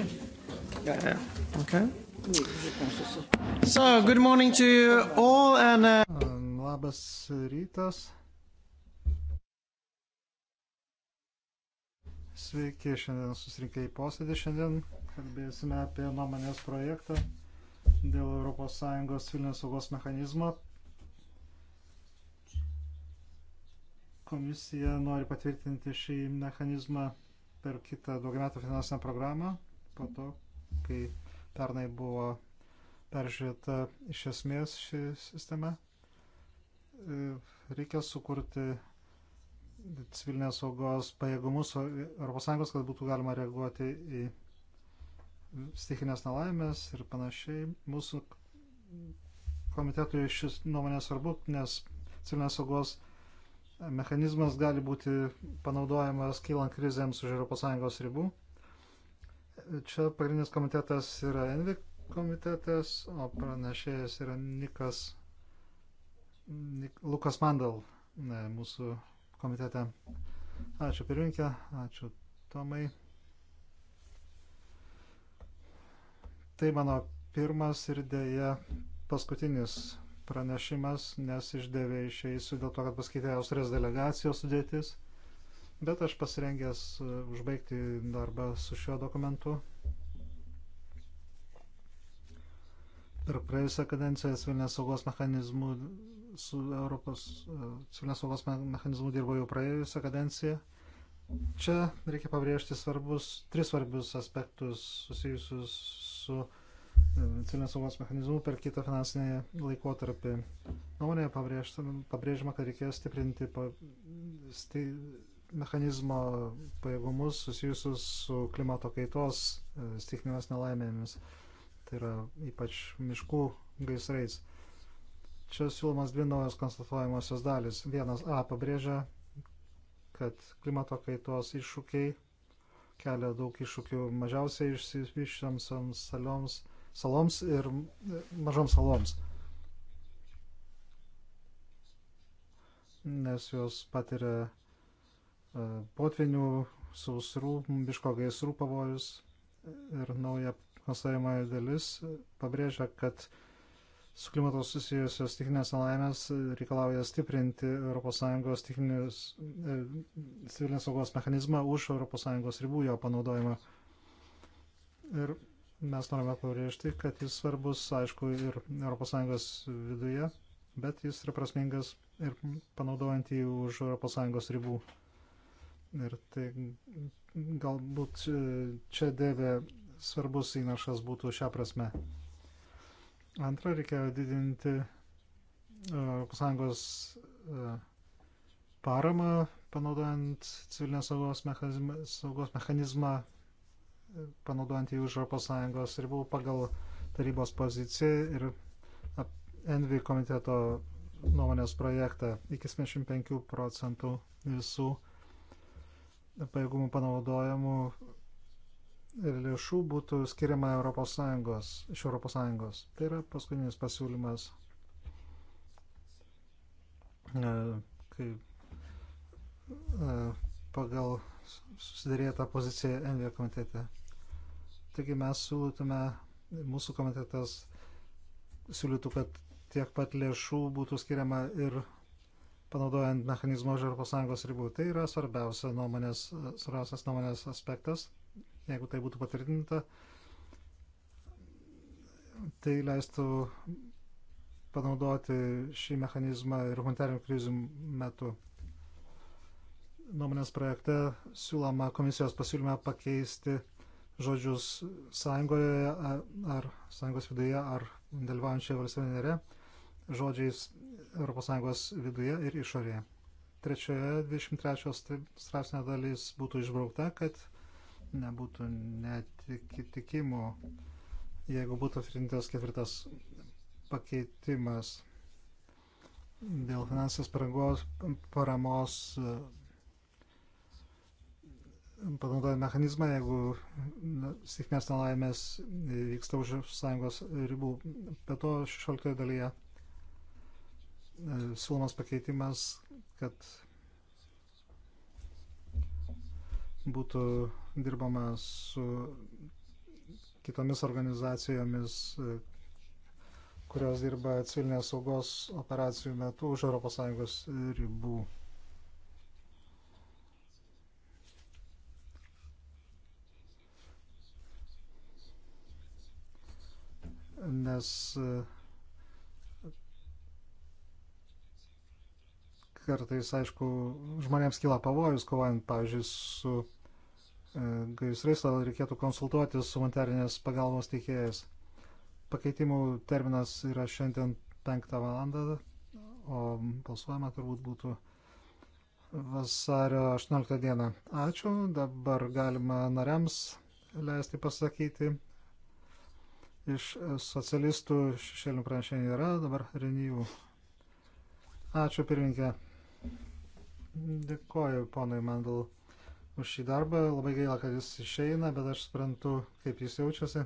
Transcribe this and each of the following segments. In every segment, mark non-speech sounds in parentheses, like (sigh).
Okay. Yeah. Okay. So, good morning to you all and... Uh... Labas rytas. Sveiki, šiandien susirinkę į posėdį. Šiandien kalbėsime apie nuomonės projektą dėl ES civilinės saugos mechanizmo. Komisija nori patvirtinti šį mechanizmą per kitą daugiametę finansinę programą po to, kai pernai buvo peržiūrėta iš esmės ši sistema. E, reikia sukurti civilinės saugos pajėgumus ES, kad būtų galima reaguoti į stikinės nelaimės ir panašiai. Mūsų komitetui šis nuomonė svarbu, nes civilinės saugos mechanizmas gali būti panaudojamas kylant krizėms už ES ribų. Čia pagrindinis komitetas yra Envi komitetas, o pranešėjas yra Nikas, Nik, Lukas Mandal ne, mūsų komitete. Ačiū pirminkė, ačiū Tomai. Tai mano pirmas ir dėja paskutinis pranešimas, nes išdėvė išeisiu dėl to, kad pasikeitė Austrijos delegacijos sudėtis bet aš pasirengęs e, užbaigti darbą su šiuo dokumentu. Per praėjusią kadenciją civilinės saugos mechanizmų su Europos e, civilinės saugos mechanizmų dirbo jau praėjusią kadenciją. Čia reikia pabrėžti svarbus, tris svarbius aspektus susijusius su e, civilinės saugos mechanizmų per kitą finansinį laikotarpį. Nuomonėje pabrėžima, kad reikėjo stiprinti pa, sti, mechanizmo pajėgumus susijusius su klimato kaitos e, stiklinės nelaimėmis, tai yra ypač miškų gaisrais. Čia siūlomas dvi naujos konstatuojamosios dalis. Vienas A pabrėžia, kad klimato kaitos iššūkiai kelia daug iššūkių mažiausiai išsivyščiamsiams saloms, saloms ir e, mažoms saloms. Nes jos patiria E, potvinių, sausrų, miško gaisrų pavojus ir nauja konstatuojamoji dalis pabrėžia, kad su klimato susijusios tikinės nelaimės reikalauja stiprinti ES tikinės e, civilinės saugos mechanizmą už ES ribų jo panaudojimą. Ir mes norime pabrėžti, kad jis svarbus, aišku, ir ES viduje, bet jis yra prasmingas ir panaudojant jį už ES ribų. Ir tai galbūt e, čia dėvė svarbus įnašas būtų šią prasme. Antra, reikėjo didinti e, ES e, paramą, panaudojant civilinės saugos mechanizmą, saugos mechanizmą panaudojant jį už ES ribų pagal tarybos poziciją ir Envi komiteto nuomonės projektą iki 75 procentų visų uh, pajėgumų panaudojimų ir lėšų būtų skiriama Europos Sąjungos, iš Europos Sąjungos. Tai yra paskutinis pasiūlymas, e, kai e, pagal susidėrėtą poziciją NV komitete. Taigi mes siūlytume, mūsų komitetas siūlytų, kad tiek pat lėšų būtų skiriama ir panaudojant mechanizmą už Europos Sąjungos ribų. Tai yra svarbiausia nuomonės, svarbiausias nuomonės aspektas, jeigu tai būtų patvirtinta. Tai leistų panaudoti šį mechanizmą ir humanitarinių krizių metu. Nuomonės projekte siūloma komisijos pasiūlymą pakeisti žodžius sąjungoje ar sąjungos viduje ar dalyvaujančioje valstybėje nere žodžiais ES viduje ir išorėje. Trečioje 23 straipsnio dalis būtų išbraukta, kad nebūtų netikitikimų, jeigu būtų atrintas ketvirtas pakeitimas dėl finansinės paragos, paramos e, panaudoja mechanizmą, jeigu sėkmės nelaimės vyksta už sąjungos ribų. Be to 16 dalyje E, siūlomas pakeitimas, kad būtų dirbama su kitomis organizacijomis, e, kurios dirba civilinės saugos operacijų metu už ES ribų. Nes uh, kartais, aišku, žmonėms kyla pavojus, kovojant, pavyzdžiui, su e, gaisrais, todėl reikėtų konsultuoti su humanitarinės pagalbos teikėjais. Pakeitimų terminas yra šiandien 5 val. o balsuojama turbūt būtų vasario 18 dieną. Ačiū, dabar galima nariams leisti pasakyti. Iš socialistų šešėlių pranešėjų yra, dabar renijų. Ačiū pirmininkė. Dėkoju ponui Mandel už šį darbą. Labai gaila, kad jis išeina, bet aš suprantu, kaip jis jaučiasi.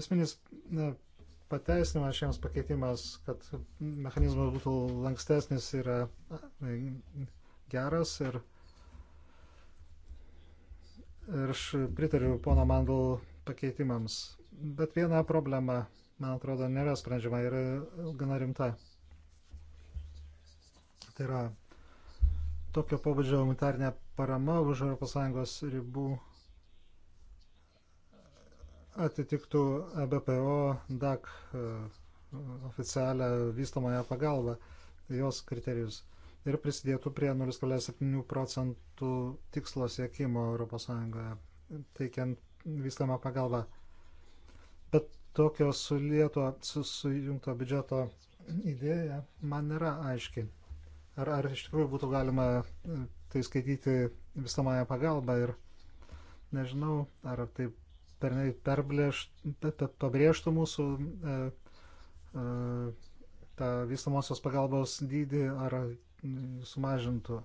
Esminis ne, pateisinimas šiems pakeitimas, kad mechanizmas būtų lankstesnis, yra geras ir, ir aš pritariu pono Mandel pakeitimams. Bet viena problema man atrodo, nėra sprendžiama ir gana rimta. Tai yra tokio pobūdžio humanitarnė parama už ES ribų atitiktų EBPO DAC e, oficialią vystamąją pagalbą, jos kriterijus ir prisidėtų prie 0,7 procentų tikslo siekimo ES, teikiant vystamą pagalbą. Bet tokio sulieto, susijungto biudžeto idėja man nėra aiški. Ar, ar iš tikrųjų būtų galima e, tai skaityti visamąją pagalbą ir nežinau, ar tai pernai pabrėžtų mūsų e, e, tą visamosios pagalbos dydį ar sumažintų.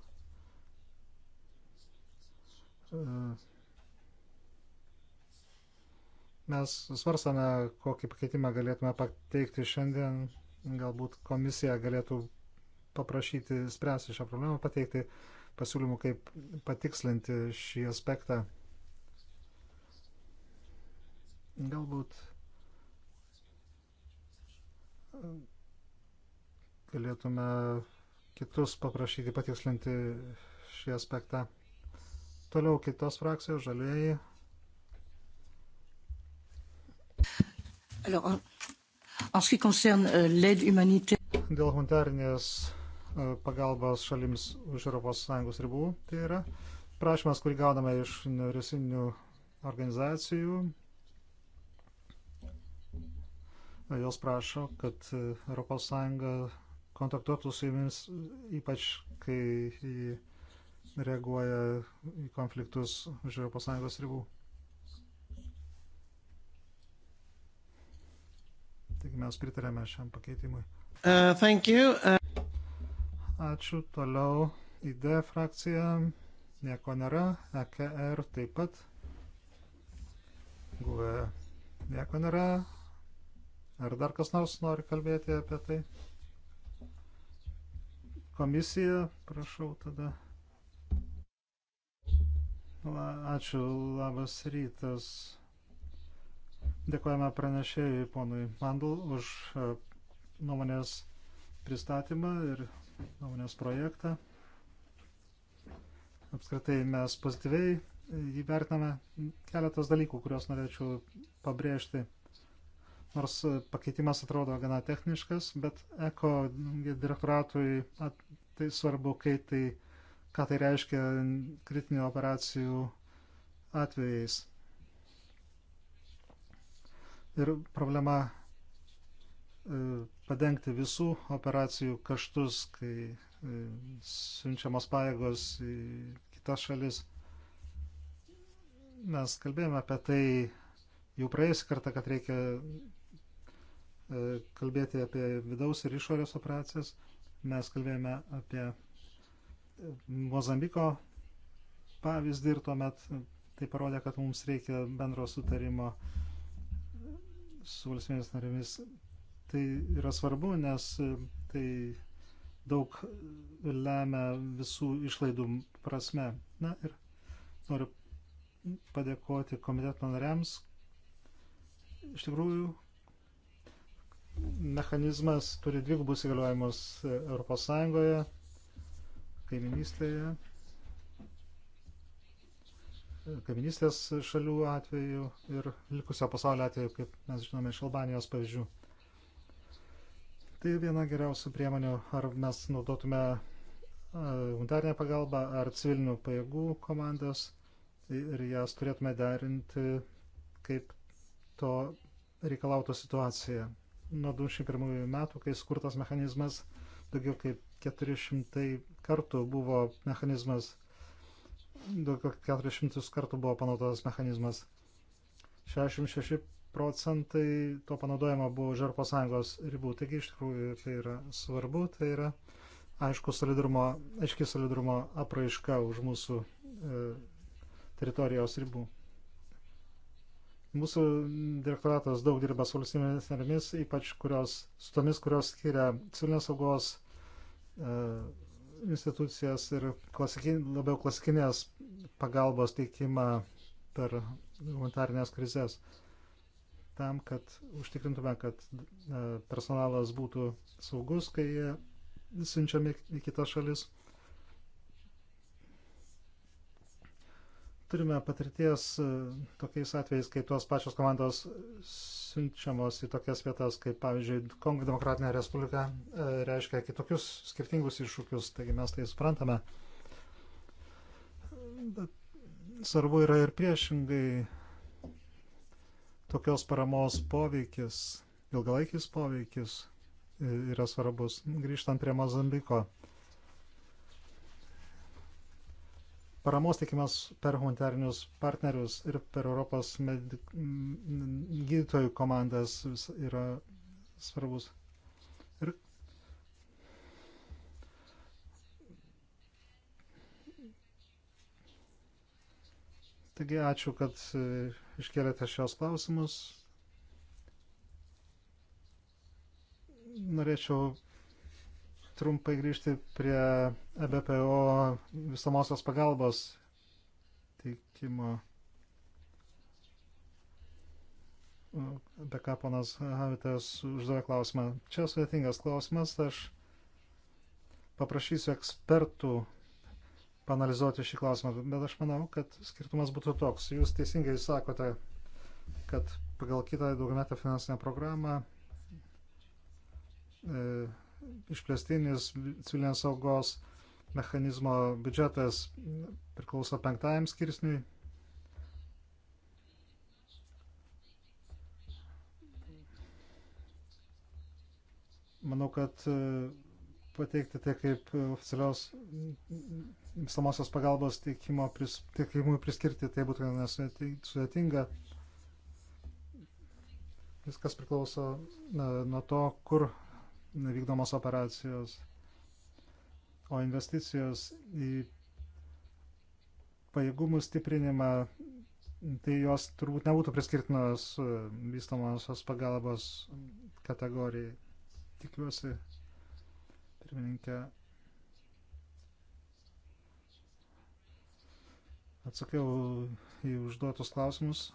E, Mes svarstame, kokį pakeitimą galėtume pateikti šiandien. Galbūt komisija galėtų paprašyti spręsti šią problemą, pateikti pasiūlymų, kaip patikslinti šį aspektą. Galbūt galėtume kitus paprašyti patikslinti šį aspektą. Toliau kitos frakcijos, žalieji, Alors, en, en ce qui concerne euh, l'aide humanitaire. Dėl humanitarnės e, pagalbos šalims už ES ribų, tai yra prašymas, kurį gauname iš nevyriausybinių organizacijų. E, jos prašo, kad ES kontaktuotų su jumis, ypač kai reaguoja į konfliktus už ES ribų. mes pritarėme šiam pakeitimui. Uh, thank you. Uh... Ačiū. Toliau ID frakcija. Nieko nėra. EKR taip pat. Guve. Nieko nėra. Ar dar kas nors nori kalbėti apie tai? Komisija, prašau tada. La, ačiū, labas rytas. Dėkojame pranešėjui ponui Mandl už e, nuomonės pristatymą ir nuomonės projektą. Apskritai mes pozityviai jį vertiname keletas dalykų, kuriuos norėčiau pabrėžti. Nors pakeitimas atrodo gana techniškas, bet eko direktoratui at, tai svarbu, kai tai, ką tai reiškia kritinių operacijų atvejais ir problema e, padengti visų operacijų kaštus, kai e, siunčiamos pajėgos į kitas šalis. Mes kalbėjome apie tai jau praėjusį kartą, kad reikia e, kalbėti apie vidaus ir išorės operacijas. Mes kalbėjome apie Mozambiko pavyzdį ir tuomet tai parodė, kad mums reikia bendro sutarimo uh, su valstybės narėmis. Tai yra svarbu, nes e, tai daug lemia visų išlaidų prasme. Na ir noriu padėkoti komiteto nariams. Iš tikrųjų, mechanizmas turi dvigubus įgaliojimus ES, kaiminystėje kaiminystės šalių atveju ir likusio pasaulio atveju, kaip mes žinome iš Albanijos pavyzdžių. Tai viena geriausių priemonių, ar mes naudotume humanitarinę pagalbą ar civilinių pajėgų komandas ir jas turėtume derinti, kaip to reikalauto situacija. Nuo 2001 metų, kai skurtas mechanizmas, daugiau kaip 400 kartų buvo mechanizmas daugiau 400 kartų buvo panaudotas mechanizmas. 66 procentai to panaudojimo buvo už Europos Sąjungos ribų. Taigi iš tikrųjų tai yra svarbu, tai yra aišku solidarumo, aiški solidarumo apraiška už mūsų e, teritorijos ribų. Mūsų direktoratas daug dirba su valstybėmis narėmis, ypač kurios, su tomis, kurios skiria civilinės saugos e, institucijas ir klasikin, labiau klasikinės pagalbos teikimą per humanitarnės krizės, tam, kad užtikrintume, kad e, personalas būtų saugus, kai jie siunčiami į kitas šalis. Turime patirties e, tokiais atvejais, kai tos pačios komandos siunčiamos į tokias vietas, kaip pavyzdžiui, Kongo Demokratinė Respublika e, reiškia kitokius skirtingus iššūkius, taigi mes tai suprantame. Bet svarbu yra ir priešingai tokios paramos poveikis, ilgalaikis poveikis e, yra svarbus. Grįžtant prie Mozambiko paramos tikimės per humanitarinius partnerius ir per Europos med... gydytojų komandas yra svarbus. Ir Taigi ačiū, kad e, iškėlėte šios klausimus. Norėčiau trumpai grįžti prie e BPO visamosios pagalbos teikimo. Apie ką ponas Havitas uždavė klausimą. Čia sudėtingas klausimas. Aš paprašysiu ekspertų panalizuoti šį klausimą, bet aš manau, kad skirtumas būtų toks. Jūs teisingai sakote, kad pagal kitą daugiametę finansinę programą e, išplėstinis civilinės saugos mechanizmo biudžetas priklauso penktajam skirsniui. Manau, kad e, pateikti tai kaip oficialios visamosios pagalbos teikimo pris, teikimui priskirti, tai būtų gana sudėtinga. Viskas priklauso na, nuo to, kur vykdomos operacijos, o investicijos į pajėgumų stiprinimą, tai jos turbūt nebūtų priskirtinos e, vystomosios pagalbos kategorijai. Tikiuosi, pirmininkė, atsakiau į užduotus klausimus.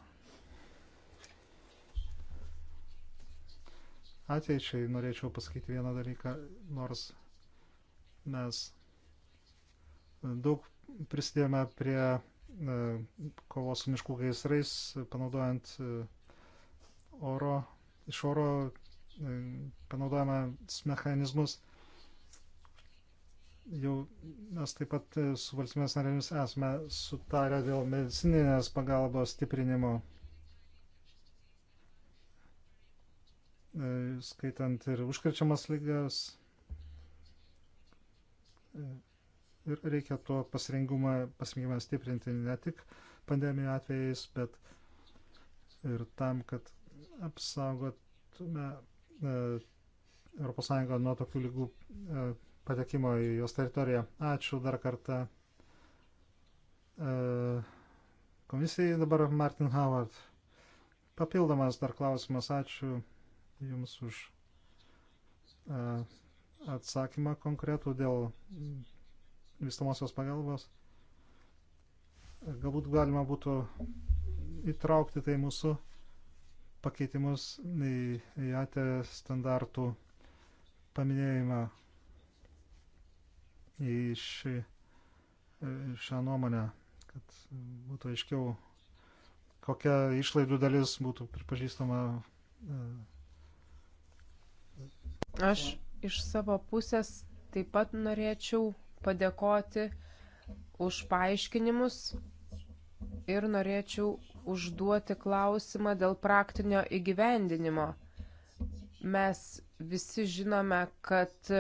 ateičiai norėčiau pasakyti vieną dalyką, nors mes daug prisidėjome prie e, kovos su miškų gaisrais, panaudojant e, oro, iš oro e, panaudojame mechanizmus. Jau mes taip pat su valstybės narėmis esame sutarę dėl medicininės pagalbos stiprinimo E, skaitant ir užkrečiamas lygas. E, ir reikia to pasirengimą, pasirengimą stiprinti ne tik pandemijų atvejais, bet ir tam, kad apsaugotume ES nuo tokių lygų e, patekimo į jos teritoriją. Ačiū dar kartą komisijai dabar Martin Howard. Papildomas dar klausimas, ačiū Jums už e, atsakymą konkretų dėl vystamosios pagalbos. Galbūt galima būtų įtraukti tai mūsų pakeitimus į JATE standartų paminėjimą į šį, e, šią nuomonę, kad būtų aiškiau, kokia išlaidų dalis būtų pripažįstama e, Aš iš savo pusės taip pat norėčiau padėkoti už paaiškinimus ir norėčiau užduoti klausimą dėl praktinio įgyvendinimo. Mes visi žinome, kad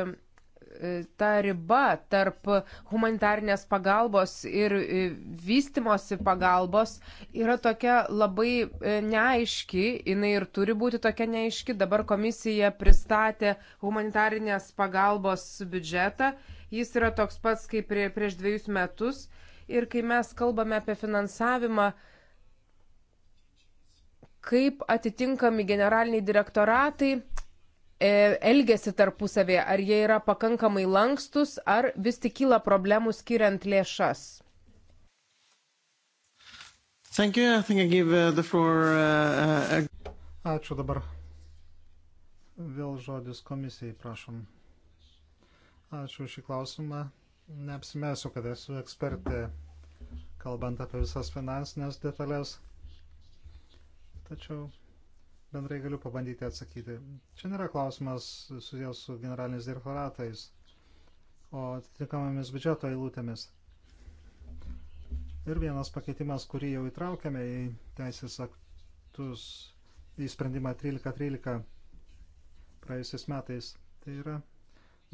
E, ta riba tarp humanitarnės pagalbos ir e, vystimosi pagalbos yra tokia labai e, neaiški, jinai ir turi būti tokia neaiški. Dabar komisija pristatė humanitarnės pagalbos biudžetą, jis yra toks pats kaip prie, prieš dviejus metus. Ir kai mes kalbame apie finansavimą, kaip atitinkami generaliniai direktoratai E, elgesi tarpusavėje, ar jie yra pakankamai lankstus, ar vis tik kyla problemų skiriant lėšas. Thank you. I think I give uh, the floor. Uh, uh, Ačiū dabar. Vėl žodis komisijai, prašom. Ačiū šį klausimą. Neapsimesiu, kad esu ekspertė, kalbant apie visas finansinės detalės. Tačiau bendrai galiu pabandyti atsakyti. Čia nėra klausimas susijęs su generaliniais direktoratais, o atitinkamomis biudžeto eilutėmis. Ir vienas pakeitimas, kurį jau įtraukėme į teisės aktus, į sprendimą 1313 praėjusiais metais, tai yra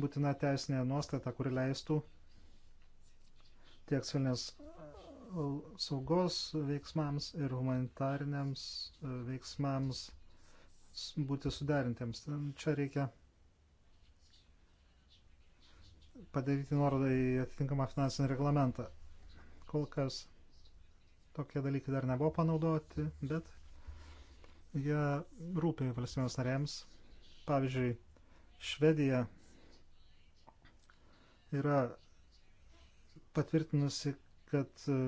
būtina teisinė nuostata, kuri leistų tiek civilinės saugos veiksmams ir humanitariniams veiksmams būti suderintiems. Čia reikia padaryti nuorodą į atitinkamą finansinį reglamentą. Kol kas tokie dalykai dar nebuvo panaudoti, bet jie rūpi valstybės narėms. Pavyzdžiui, Švedija yra patvirtinusi, kad e,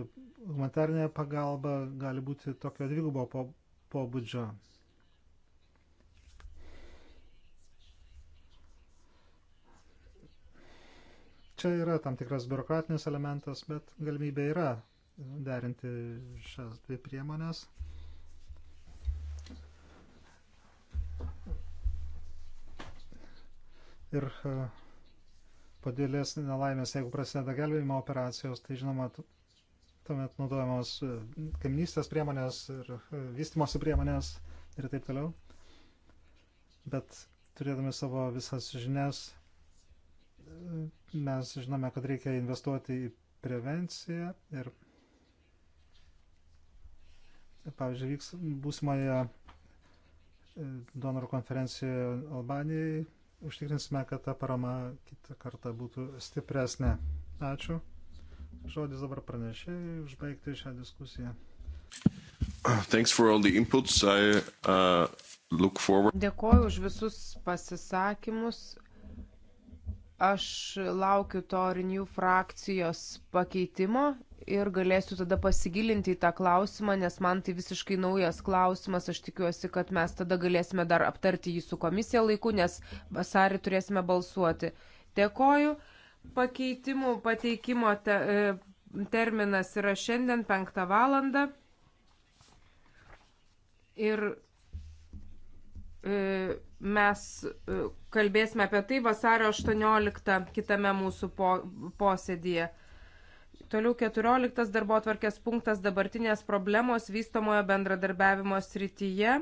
humanitarinė pagalba gali būti tokio dvigubo pobūdžio. Po Čia yra tam tikras biurokratinis elementas, bet galimybė yra derinti šias dvi priemonės. Ir e, padėlės nelaimės, jeigu prasideda gelbėjimo operacijos, tai žinoma, tuomet naudojamos e, kaimynystės priemonės ir e, vystimosi priemonės ir taip toliau. Bet turėdami savo visas žinias, mes žinome, kad reikia investuoti į prevenciją ir, pavyzdžiui, vyks būsimoje e, donorų konferencijoje Albanijai. Užtikrinsime, kad ta parama kitą kartą būtų stipresnė. Ačiū. Žodis dabar pranešėjai užbaigti šią diskusiją. Inputs, I, uh, Dėkoju už visus pasisakymus Aš laukiu to Renew frakcijos pakeitimo ir galėsiu tada pasigilinti į tą klausimą, nes man tai visiškai naujas klausimas. Aš tikiuosi, kad mes tada galėsime dar aptarti jį su komisija laiku, nes vasarį turėsime balsuoti. Dėkoju. Pakeitimų pateikimo te, e, terminas yra šiandien 5 valandą. Ir E, mes e, kalbėsime apie tai vasario 18 kitame mūsų po, posėdėje. Toliau 14 darbo atvarkės punktas dabartinės problemos vystomojo bendradarbiavimo srityje.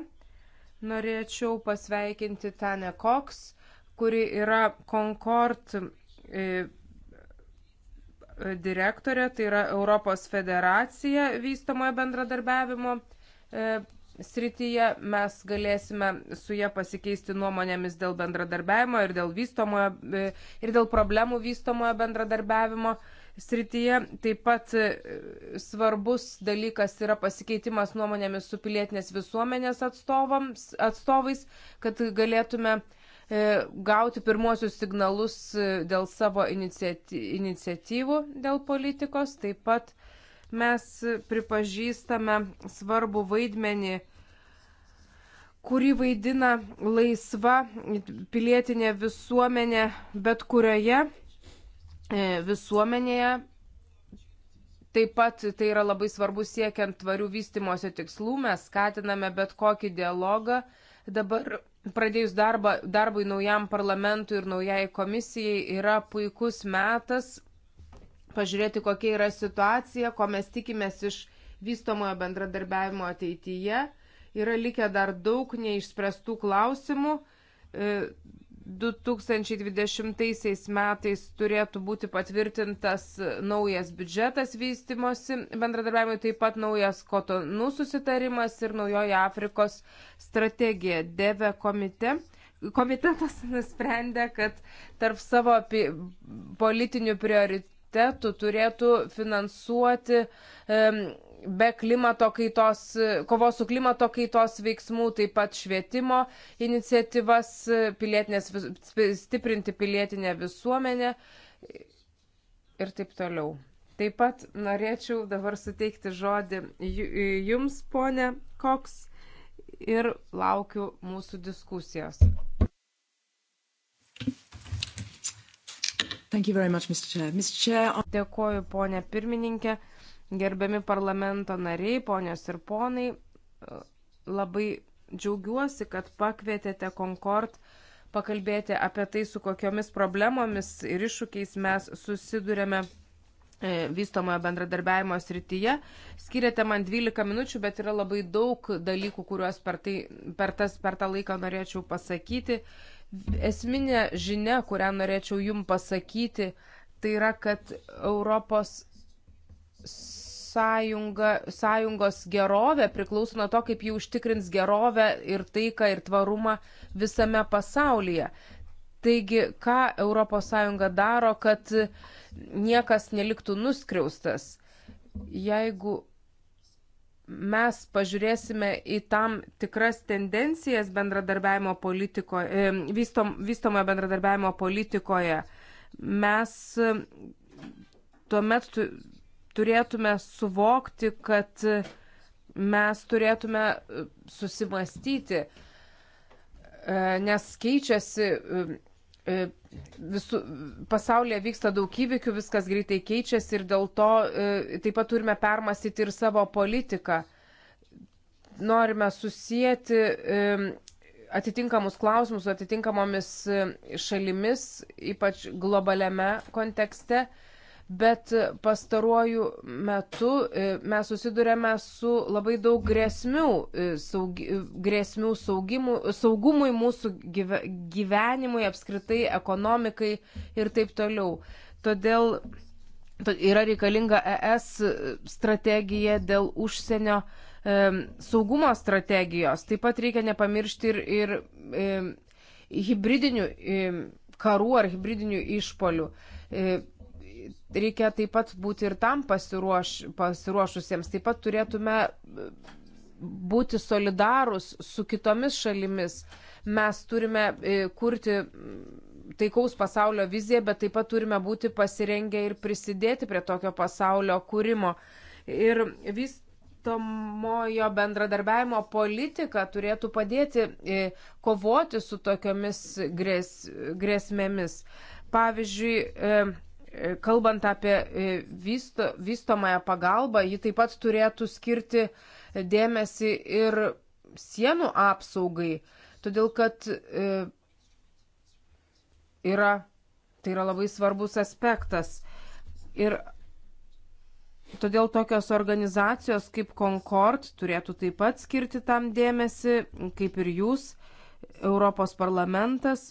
Norėčiau pasveikinti Tane Koks, kuri yra Concord e, direktorė, tai yra Europos federacija vystomojo bendradarbiavimo srityje mes galėsime su ja pasikeisti nuomonėmis dėl bendradarbiavimo ir dėl, vystomojo, e, ir dėl problemų vystomojo bendradarbiavimo srityje. Taip pat e, svarbus dalykas yra pasikeitimas nuomonėmis su pilietinės visuomenės atstovais, kad galėtume e, gauti pirmosius signalus dėl savo iniciatyvų, dėl politikos. Taip pat mes pripažįstame svarbų vaidmenį kurį vaidina laisva pilietinė visuomenė bet kurioje e, visuomenėje. Taip pat tai yra labai svarbu siekiant tvarių vystimosi tikslų, mes skatiname bet kokį dialogą. Dabar pradėjus darbą, darbui naujam parlamentui ir naujai komisijai yra puikus metas pažiūrėti, kokia yra situacija, ko mes tikimės iš vystomojo bendradarbiavimo ateityje Yra likę dar daug neišspręstų klausimų. 2020 e, metais turėtų būti patvirtintas naujas biudžetas vystimosi bendradarbiavimui, taip pat naujas kotonų susitarimas ir naujoji Afrikos strategija. Deve komite. komitetas (laughs) nusprendė, kad tarp savo politinių prioritetų turėtų finansuoti um, be klimato kaitos, kovos su klimato kaitos veiksmų, taip pat švietimo iniciatyvas, pilietinės, stiprinti pilietinę visuomenę ir taip toliau. Taip pat norėčiau dabar suteikti žodį jums, ponė Koks, ir laukiu mūsų diskusijos. Much, Mr. Chair. Mr. Chair... Dėkoju, ponė pirmininkė. Gerbiami parlamento nariai, ponios ir ponai, labai džiaugiuosi, kad pakvietėte Concord pakalbėti apie tai, su kokiomis problemomis ir iššūkiais mes susidurėme e, vystomojo bendradarbiavimo srityje. Skiriate man 12 minučių, bet yra labai daug dalykų, kuriuos per, tai, per, tas, per tą laiką norėčiau pasakyti. Esminė žinia, kurią norėčiau jum pasakyti, tai yra, kad Europos sąjunga, sąjungos gerovė priklauso nuo to, kaip jie užtikrins gerovę ir taiką ir tvarumą visame pasaulyje. Taigi, ką ES daro, kad niekas neliktų nuskriaustas? Jeigu mes pažiūrėsime į tam tikras tendencijas bendradarbiavimo politikoje, vystom, vystomojo bendradarbiavimo politikoje, mes e, tuomet turėtume suvokti, kad mes turėtume e, susimastyti, e, nes keičiasi e, visų, pasaulyje vyksta daug įvykių, viskas greitai keičiasi ir dėl to taip pat turime permastyti ir savo politiką. Norime susijęti atitinkamus klausimus su atitinkamomis šalimis, ypač globaliame kontekste bet pastaruoju metu e, mes susidurėme su labai daug grėsmių, e, saugi, e, grėsmių saugimų, saugumui mūsų gyve, gyvenimui, apskritai ekonomikai ir taip toliau. Todėl yra reikalinga ES strategija dėl užsienio e, saugumo strategijos. Taip pat reikia nepamiršti ir, ir e, hybridinių e, karų ar hybridinių išpolių. E, reikia taip pat būti ir tam pasiruoš, pasiruošusiems. Taip pat turėtume e, būti solidarus su kitomis šalimis. Mes turime e, kurti taikaus pasaulio viziją, bet taip pat turime būti pasirengę ir prisidėti prie tokio pasaulio kūrimo. Ir vis vystomojo bendradarbiavimo politika turėtų padėti e, kovoti su tokiomis grės, grėsmėmis. Pavyzdžiui, E, kalbant apie e, vysto, vystomąją pagalbą, ji taip pat turėtų skirti dėmesį ir sienų apsaugai, todėl kad e, yra, tai yra labai svarbus aspektas. Ir todėl tokios organizacijos kaip Concord turėtų taip pat skirti tam dėmesį, kaip ir jūs, Europos parlamentas,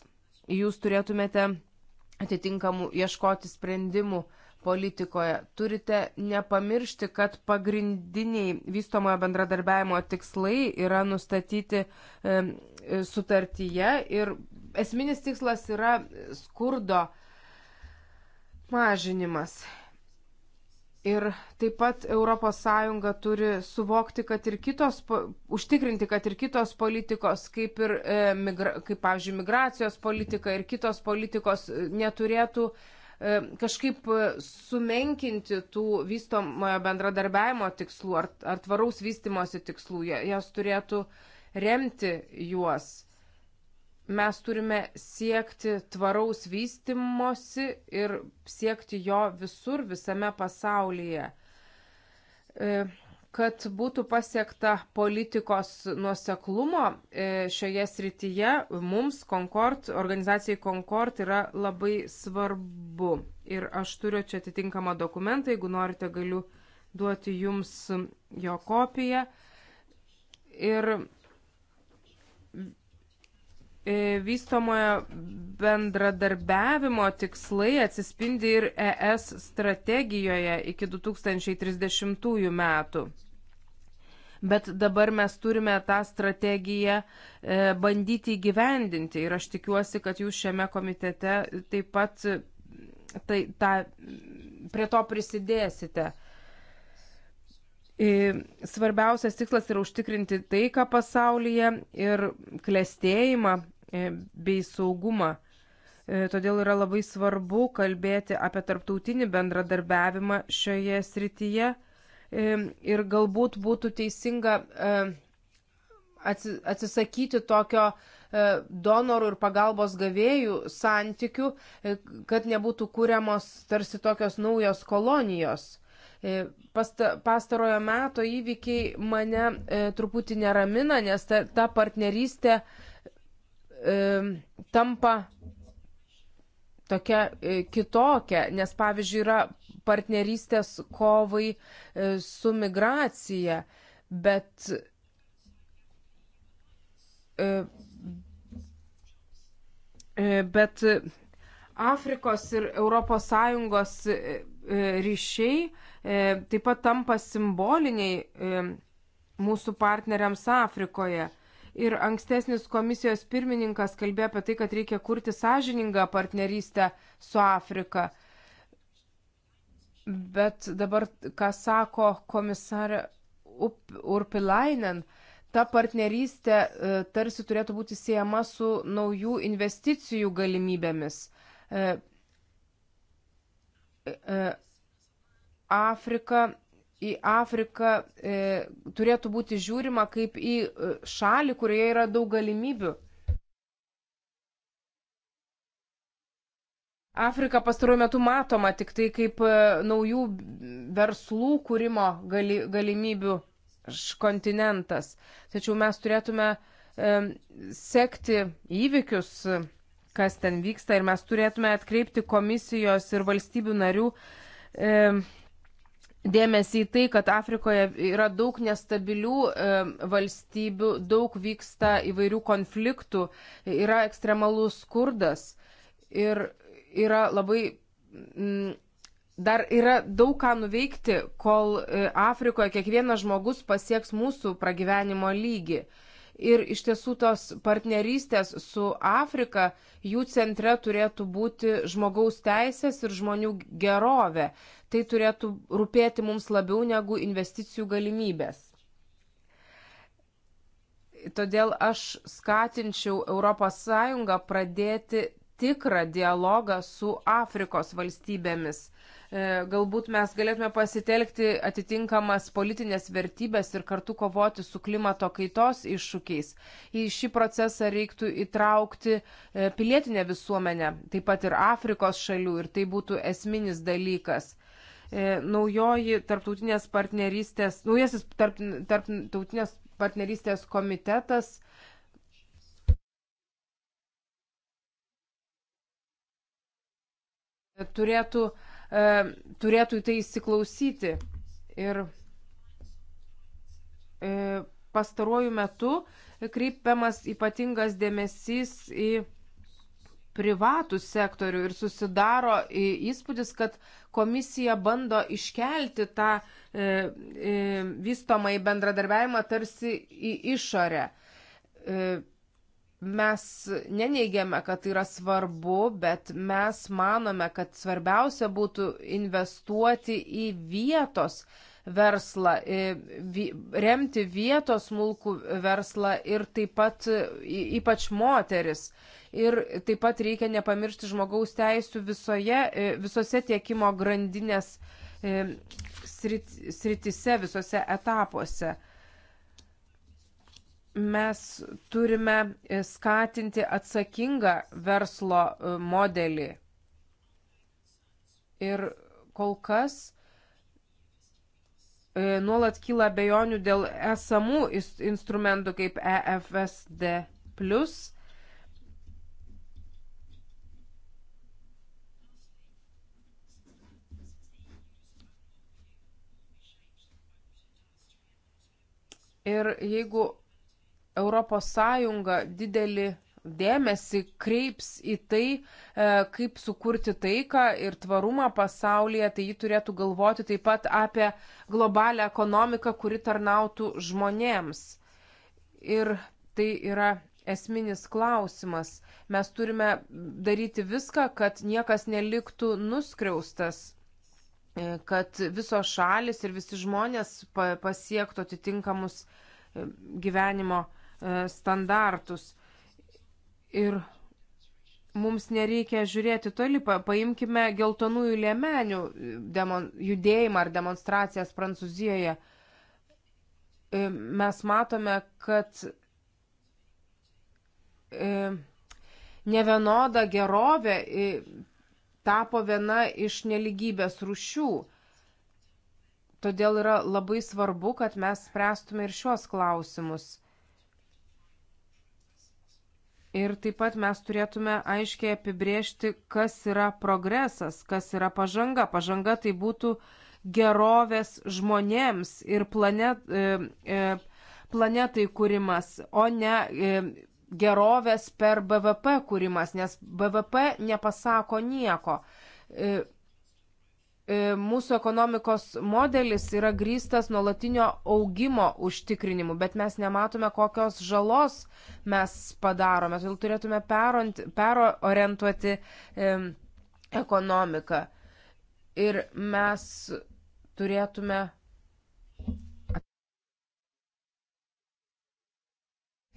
jūs turėtumėte atitinkamų ieškoti sprendimų politikoje. Turite nepamiršti, kad pagrindiniai vystomojo bendradarbiavimo tikslai yra nustatyti e, sutartyje ir esminis tikslas yra skurdo mažinimas. Ir taip pat ES turi suvokti, kad ir kitos, užtikrinti, kad ir kitos politikos, kaip ir, e, migra, kaip, pavyzdžiui, migracijos politika ir kitos politikos e, neturėtų e, kažkaip sumenkinti tų vystomojo bendradarbiajimo tikslų ar, ar tvaraus vystimosi tikslų, jas turėtų remti juos mes turime siekti tvaraus vystimosi ir siekti jo visur, visame pasaulyje. E, kad būtų pasiekta politikos nuoseklumo e, šioje srityje, mums Concord, organizacijai Concord yra labai svarbu. Ir aš turiu čia atitinkamą dokumentą, jeigu norite, galiu duoti jums jo kopiją. Ir E, vystomojo bendradarbiavimo tikslai atsispindi ir ES strategijoje iki 2030 metų. Bet dabar mes turime tą strategiją e, bandyti įgyvendinti ir aš tikiuosi, kad jūs šiame komitete taip pat tai, ta, prie to prisidėsite. Svarbiausias tikslas yra užtikrinti taiką pasaulyje ir klėstėjimą e, bei saugumą. E, todėl yra labai svarbu kalbėti apie tarptautinį bendradarbiavimą šioje srityje e, ir galbūt būtų teisinga atsisakyti tokio donorų ir pagalbos gavėjų santykių, kad nebūtų kūriamos tarsi tokios naujos kolonijos. E, pastarojo meto įvykiai mane e, truputį neramina, nes ta, ta partnerystė e, tampa tokia kitokia, nes pavyzdžiui yra partnerystės kovai su migracija, bet bet Afrikos ir ES ryšiai E, taip pat tampa simboliniai e, mūsų partneriams Afrikoje. Ir ankstesnis komisijos pirmininkas kalbėjo apie tai, kad reikia kurti sąžiningą partnerystę su Afrika. Bet dabar, ką sako komisarė Urpilainen, ta partnerystė e, tarsi turėtų būti siejama su naujų investicijų galimybėmis. Afrika, į Afriką e, turėtų būti žiūrima kaip į e, šalį, kurioje yra daug galimybių. Afrika pastaruoju metu matoma tik tai kaip e, naujų verslų kūrimo gali, galimybių kontinentas. Tačiau mes turėtume e, sekti įvykius, kas ten vyksta ir mes turėtume atkreipti komisijos ir valstybių narių e, dėmesį į tai, kad Afrikoje yra daug nestabilių e, valstybių, daug vyksta įvairių konfliktų, yra ekstremalus skurdas ir yra labai. M, mm, Dar yra daug ką nuveikti, kol e, Afrikoje kiekvienas žmogus pasieks mūsų pragyvenimo lygį. E, Ir iš tiesų tos partnerystės su Afrika, jų centre turėtų būti žmogaus teisės ir žmonių gerovė. Tai turėtų rūpėti mums labiau negu investicijų galimybės. Todėl aš skatinčiau ES pradėti tikrą dialogą su Afrikos valstybėmis. E, galbūt mes galėtume pasitelkti atitinkamas politinės vertybės ir kartu kovoti su klimato kaitos iššūkiais. Į šį procesą reiktų įtraukti e, pilietinę visuomenę, taip pat ir Afrikos šalių, ir tai būtų esminis dalykas e, naujoji tarptautinės partnerystės, naujasis tarp, tarptautinės partnerystės komitetas turėtų, e, turėtų į tai įsiklausyti. Ir e, pastaruoju metu kreipiamas ypatingas dėmesys į privatų sektorių ir susidaro įspūdis, kad komisija bando iškelti tą e, e, vystomą į bendradarbiavimą tarsi į išorę. E, Mes neneigiame, kad tai yra svarbu, bet mes manome, kad svarbiausia būtų investuoti į vietos verslą, remti vietos smulkų verslą ir taip pat ypač moteris. Ir taip pat reikia nepamiršti žmogaus teisų visoje, e, visose tiekimo grandinės e, srit, sritise, visose etapuose mes turime skatinti atsakingą verslo e, modelį. Ir kol kas e, nuolat kyla bejonių dėl esamų instrumentų kaip EFSD. Ir jeigu ES didelį dėmesį kreips į tai, e, kaip sukurti taiką ir tvarumą pasaulyje, tai ji turėtų galvoti taip pat apie globalią ekonomiką, kuri tarnautų žmonėms. Ir tai yra esminis klausimas. Mes turime daryti viską, kad niekas neliktų nuskriaustas e, kad visos šalis ir visi žmonės pasiektų atitinkamus e, gyvenimo uh, E, standartus. Ir mums nereikia žiūrėti toli, paimkime geltonųjų liemenių e, demon, judėjimą ar demonstracijas Prancūzijoje. E, mes matome, kad nevienoda gerovė tapo viena iš neligybės rušių. Todėl yra labai svarbu, kad mes spręstume ir šios klausimus. Ir taip pat mes turėtume aiškiai apibriežti, kas yra progresas, kas yra pažanga. Pažanga tai būtų gerovės žmonėms ir planet, e, e, planetai kūrimas, o ne e, gerovės per BVP kūrimas, nes BVP nepasako nieko. E, mūsų ekonomikos modelis yra grįstas nuolatinio augimo užtikrinimu, bet mes nematome, kokios žalos mes padarome. Todėl turėtume perorientuoti e, ekonomiką. Ir mes turėtume.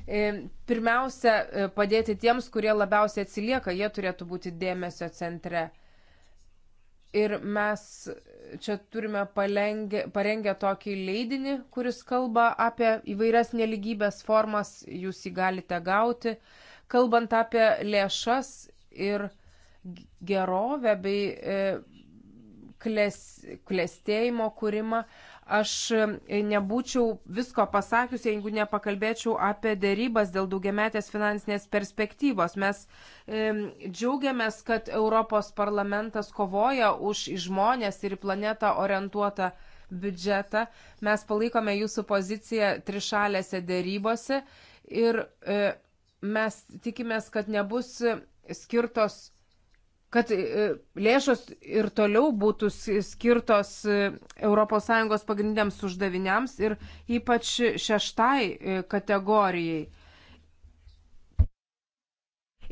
E, pirmiausia, padėti tiems, kurie labiausiai atsilieka, jie turėtų būti dėmesio centre. Ir mes čia turime palengę, parengę tokį leidinį, kuris kalba apie įvairias neligybės formas, jūs jį galite gauti, kalbant apie lėšas ir gerovę bei e, kles, klestėjimo kūrimą. E, Aš nebūčiau visko pasakius, jeigu nepakalbėčiau apie dėrybas dėl daugiametės finansinės perspektyvos. Mes e, džiaugiamės, kad Europos parlamentas kovoja už į žmonės ir į planetą orientuotą biudžetą. Mes palaikome jūsų poziciją trišalėse dėrybose ir e, mes tikimės, kad nebus skirtos kad e, lėšos ir toliau būtų skirtos ES pagrindiniams uždaviniams ir ypač šeštai e, kategorijai.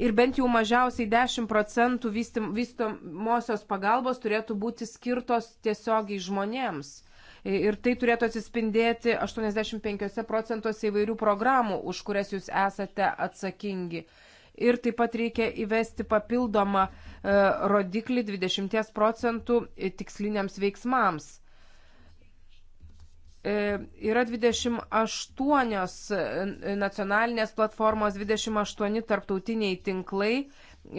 Ir bent jau mažiausiai 10 procentų vystomosios pagalbos turėtų būti skirtos tiesiogiai žmonėms. E, ir tai turėtų atsispindėti 85 procentuose įvairių programų, už kurias jūs esate atsakingi ir taip pat reikia įvesti papildomą e, rodiklį 20 procentų tiksliniams veiksmams. E, yra 28 e, nacionalinės platformos, 28 tarptautiniai tinklai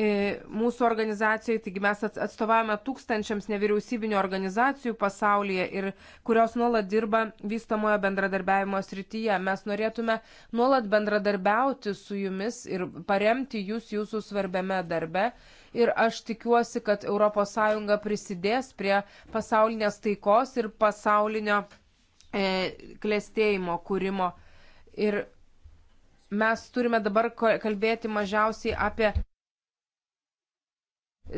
E, mūsų organizacijoje, taigi mes atstovavome tūkstančiams nevyriausybinio organizacijų pasaulyje ir kurios nuolat dirba vystomojo bendradarbiavimo srityje. Mes norėtume nuolat bendradarbiauti su jumis ir paremti jūs jūsų svarbiame darbe. Ir aš tikiuosi, kad ES prisidės prie pasaulinės taikos ir pasaulinio e, klėstėjimo kūrimo. Ir mes turime dabar kalbėti mažiausiai apie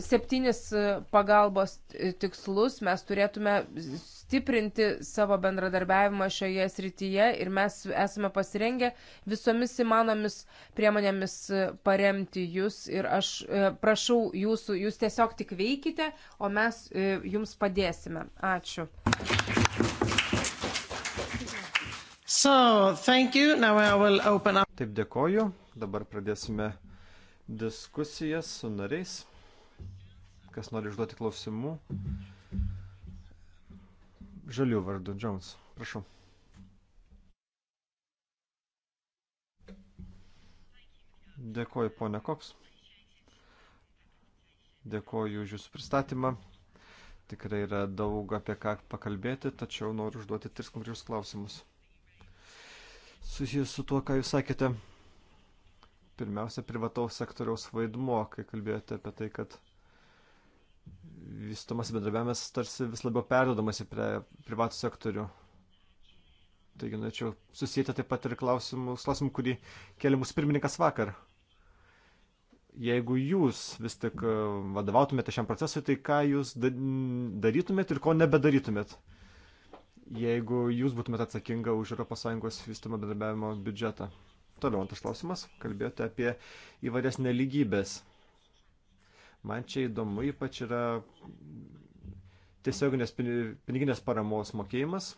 septynis e, pagalbos tikslus, mes turėtume stiprinti savo bendradarbiavimą šioje srityje ir mes esame pasirengę visomis įmanomis priemonėmis e, paremti jūs ir aš e, prašau jūsų, jūs tiesiog tik veikite, o mes jums padėsime. Ačiū. So, Taip, dėkoju. Dabar pradėsime diskusijas su nariais kas nori užduoti klausimų. Žalių vardu, Jones. Prašau. Dėkoju, ponia Kops. Dėkoju už jūsų pristatymą. Tikrai yra daug apie ką pakalbėti, tačiau noriu užduoti tris konkrečius klausimus. Susijęs su tuo, ką jūs sakėte, pirmiausia, privataus sektoriaus vaidmo, kai kalbėjote apie tai, kad vystomas bendravimas tarsi vis labiau perdodamas į privatų sektorių. Taigi norėčiau susijęti taip pat ir klausimus, klausimų, kurį kėlė mūsų pirmininkas vakar. Jeigu jūs vis tik e, vadovautumėte šiam procesui, tai ką jūs darytumėt ir ko nebedarytumėt? Jeigu jūs būtumėte atsakinga už ES vystomą bendrabiavimo biudžetą. Toliau antras klausimas. Kalbėjote apie įvairias neligybės Man čia įdomu ypač yra tiesioginės piniginės paramos mokėjimas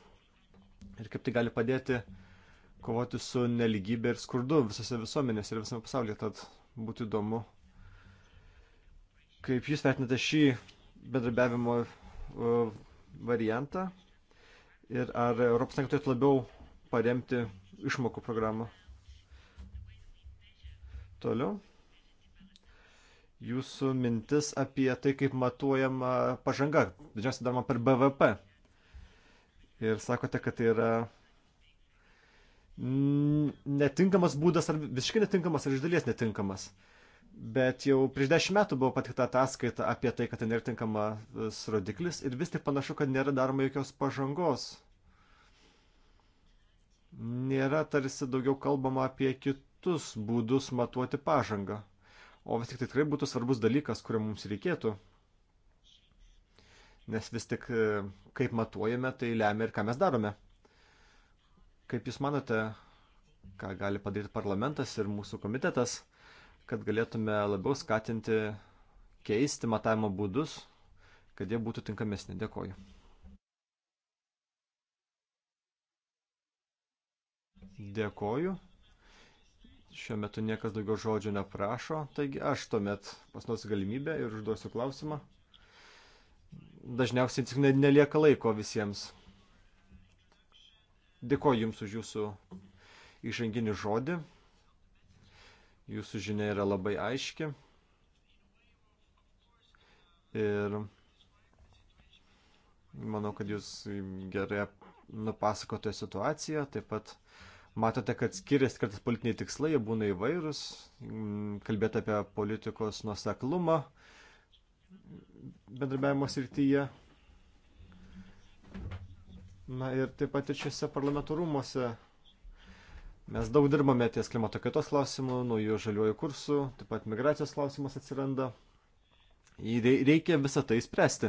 ir kaip tai gali padėti kovoti su neligybė ir skurdu visose visuomenėse ir visame pasaulyje. Tad būtų įdomu, kaip jūs vertinate šį bendrabiavimo variantą ir ar ES turėtų labiau paremti išmokų programą. Toliau jūsų mintis apie tai, kaip matuojama pažanga, dažniausiai daroma per BVP. Ir sakote, kad tai yra netinkamas būdas, ar visiškai netinkamas, ar iš dalies netinkamas. Bet jau prieš dešimt metų buvo patikta ataskaita apie tai, kad tai nėra tinkamas rodiklis ir vis tik panašu, kad nėra daroma jokios pažangos. Nėra tarsi daugiau kalbama apie kitus būdus matuoti pažangą o vis tik tai tikrai būtų svarbus dalykas, kurio mums reikėtų. Nes vis tik e, kaip matuojame, tai lemia ir ką mes darome. Kaip Jūs manote, ką gali padaryti parlamentas ir mūsų komitetas, kad galėtume labiau skatinti keisti matavimo būdus, kad jie būtų tinkamesni? Dėkoju. Dėkoju šiuo metu niekas daugiau žodžio neprašo, taigi aš tuomet pasnosiu galimybę ir užduosiu klausimą. Dažniausiai tik nelieka laiko visiems. Dėkoju Jums už Jūsų įžanginį žodį. Jūsų žinia yra labai aiški. Ir manau, kad Jūs gerai nupasakote situaciją, taip pat uh, Matote, kad skiriasi kartais politiniai tikslai, jie būna įvairūs, mm, kalbėti apie politikos nuoseklumą bendrabiavimo srityje. Na ir taip pat ir šiuose parlamento rūmose mes daug dirbame ties klimato kaitos klausimų, naujų žaliuojų kursų, taip pat migracijos klausimas atsiranda. Reikia visą tai spręsti.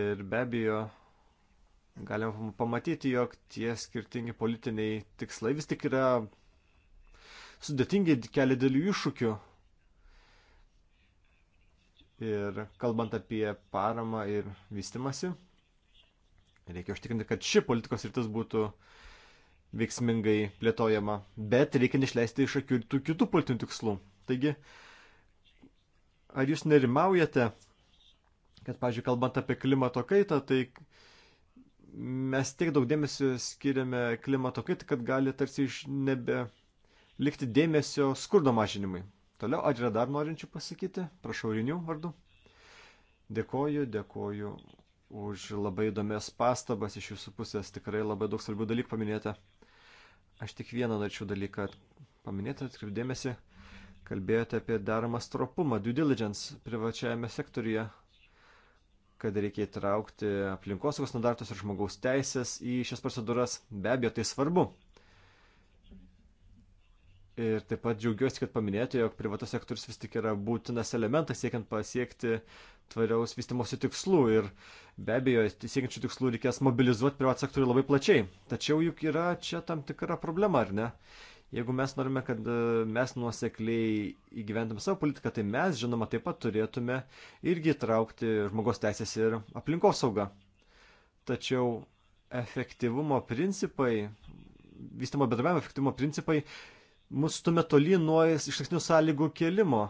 Ir be abejo, galima pamatyti, jog tie skirtingi politiniai tikslai vis tik yra sudėtingi, kelia dėlių iššūkių. Ir kalbant apie paramą ir vystimasi, reikia užtikrinti, kad ši politikos rytis būtų veiksmingai plėtojama, bet reikia neišleisti iš akių ir tų kitų politinių tikslų. Taigi, ar jūs nerimaujate, kad, pažiūrėjau, kalbant apie klimato kaitą, tai mes tiek daug dėmesio skiriame klimato kaitai, kad gali tarsi iš nebe likti dėmesio skurdo mažinimui. Toliau, ar yra dar norinčių pasakyti? Prašau, Rinių vardu. Dėkoju, dėkoju už labai įdomias pastabas iš jūsų pusės. Tikrai labai daug svarbių dalykų paminėjote. Aš tik vieną norėčiau dalyką paminėti, atkreipdėmėsi. Kalbėjote apie deramą stropumą, due diligence privačiajame sektoriuje kad reikia įtraukti aplinkosaugos standartus ir žmogaus teisės į šias procedūras. Be abejo, tai svarbu. Ir taip pat džiaugiuosi, kad paminėjote, jog privatus sektorius vis tik yra būtinas elementas siekiant pasiekti tvariaus vystimosi tikslų. Ir be abejo, siekiančių tikslų reikės mobilizuoti privatų sektorių labai plačiai. Tačiau juk yra čia tam tikra problema, ar ne? Jeigu mes norime, kad e, mes nuosekliai įgyventume savo politiką, tai mes, žinoma, taip pat turėtume irgi traukti žmogaus teisės ir aplinkosaugą. Tačiau efektyvumo principai, vystimo bendravimo efektyvumo principai mus stumia tolyn nuo išlaksnių sąlygų kelimo.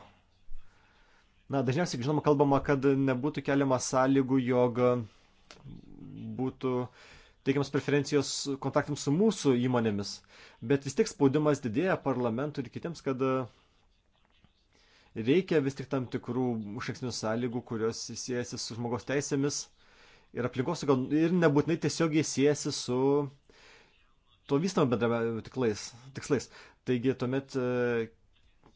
Na, dažniausiai, žinoma, kalbama, kad nebūtų keliama sąlygų, jog būtų uh, teikiamas preferencijos kontaktams su mūsų įmonėmis, bet vis tiek spaudimas didėja parlamentui ir kitiems, kad e, reikia vis tik tam tikrų užsieksnių sąlygų, kurios siejasi su žmogaus teisėmis ir aplinkos, ir nebūtinai tiesiogiai siejasi su to vystamo bendrame tiklais, tikslais. Taigi tuomet e,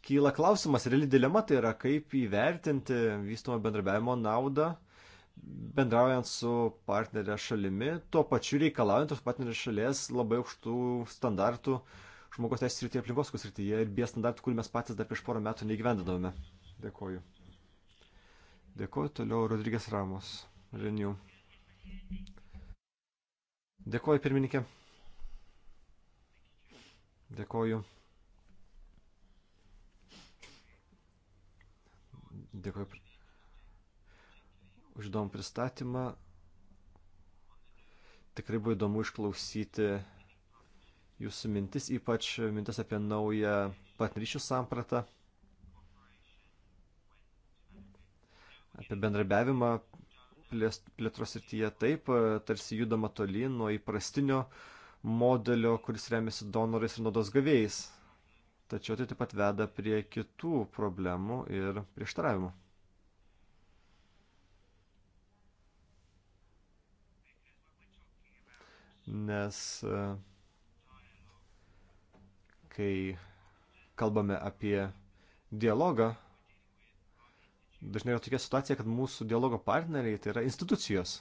kyla klausimas, reali dilema tai yra, kaip įvertinti vystomo bendrabiavimo naudą bendraujant su partnerė šalimi, tuo pačiu reikalaujant tos partnerės šalies labai aukštų standartų žmogaus teisės srityje, aplinkoskos srityje ir bie standartų, kurių mes patys dar prieš porą metų neįgyvendinome. Dėkoju. Dėkoju toliau Rodrygės Ramos. Renew. Dėkoju pirmininkė. Dėkoju. Dėkoju už įdomų pristatymą. Tikrai buvo įdomu išklausyti jūsų mintis, ypač mintis apie naują partnerysčių sampratą, apie bendrabiavimą plėtros srityje. Taip, tarsi judama tolyn nuo įprastinio modelio, kuris remiasi donorais ir naudos gavėjais. Tačiau tai taip pat veda prie kitų problemų ir prieštaravimų. nes e, kai kalbame apie dialogą, dažnai yra tokia situacija, kad mūsų dialogo partneriai tai yra institucijos.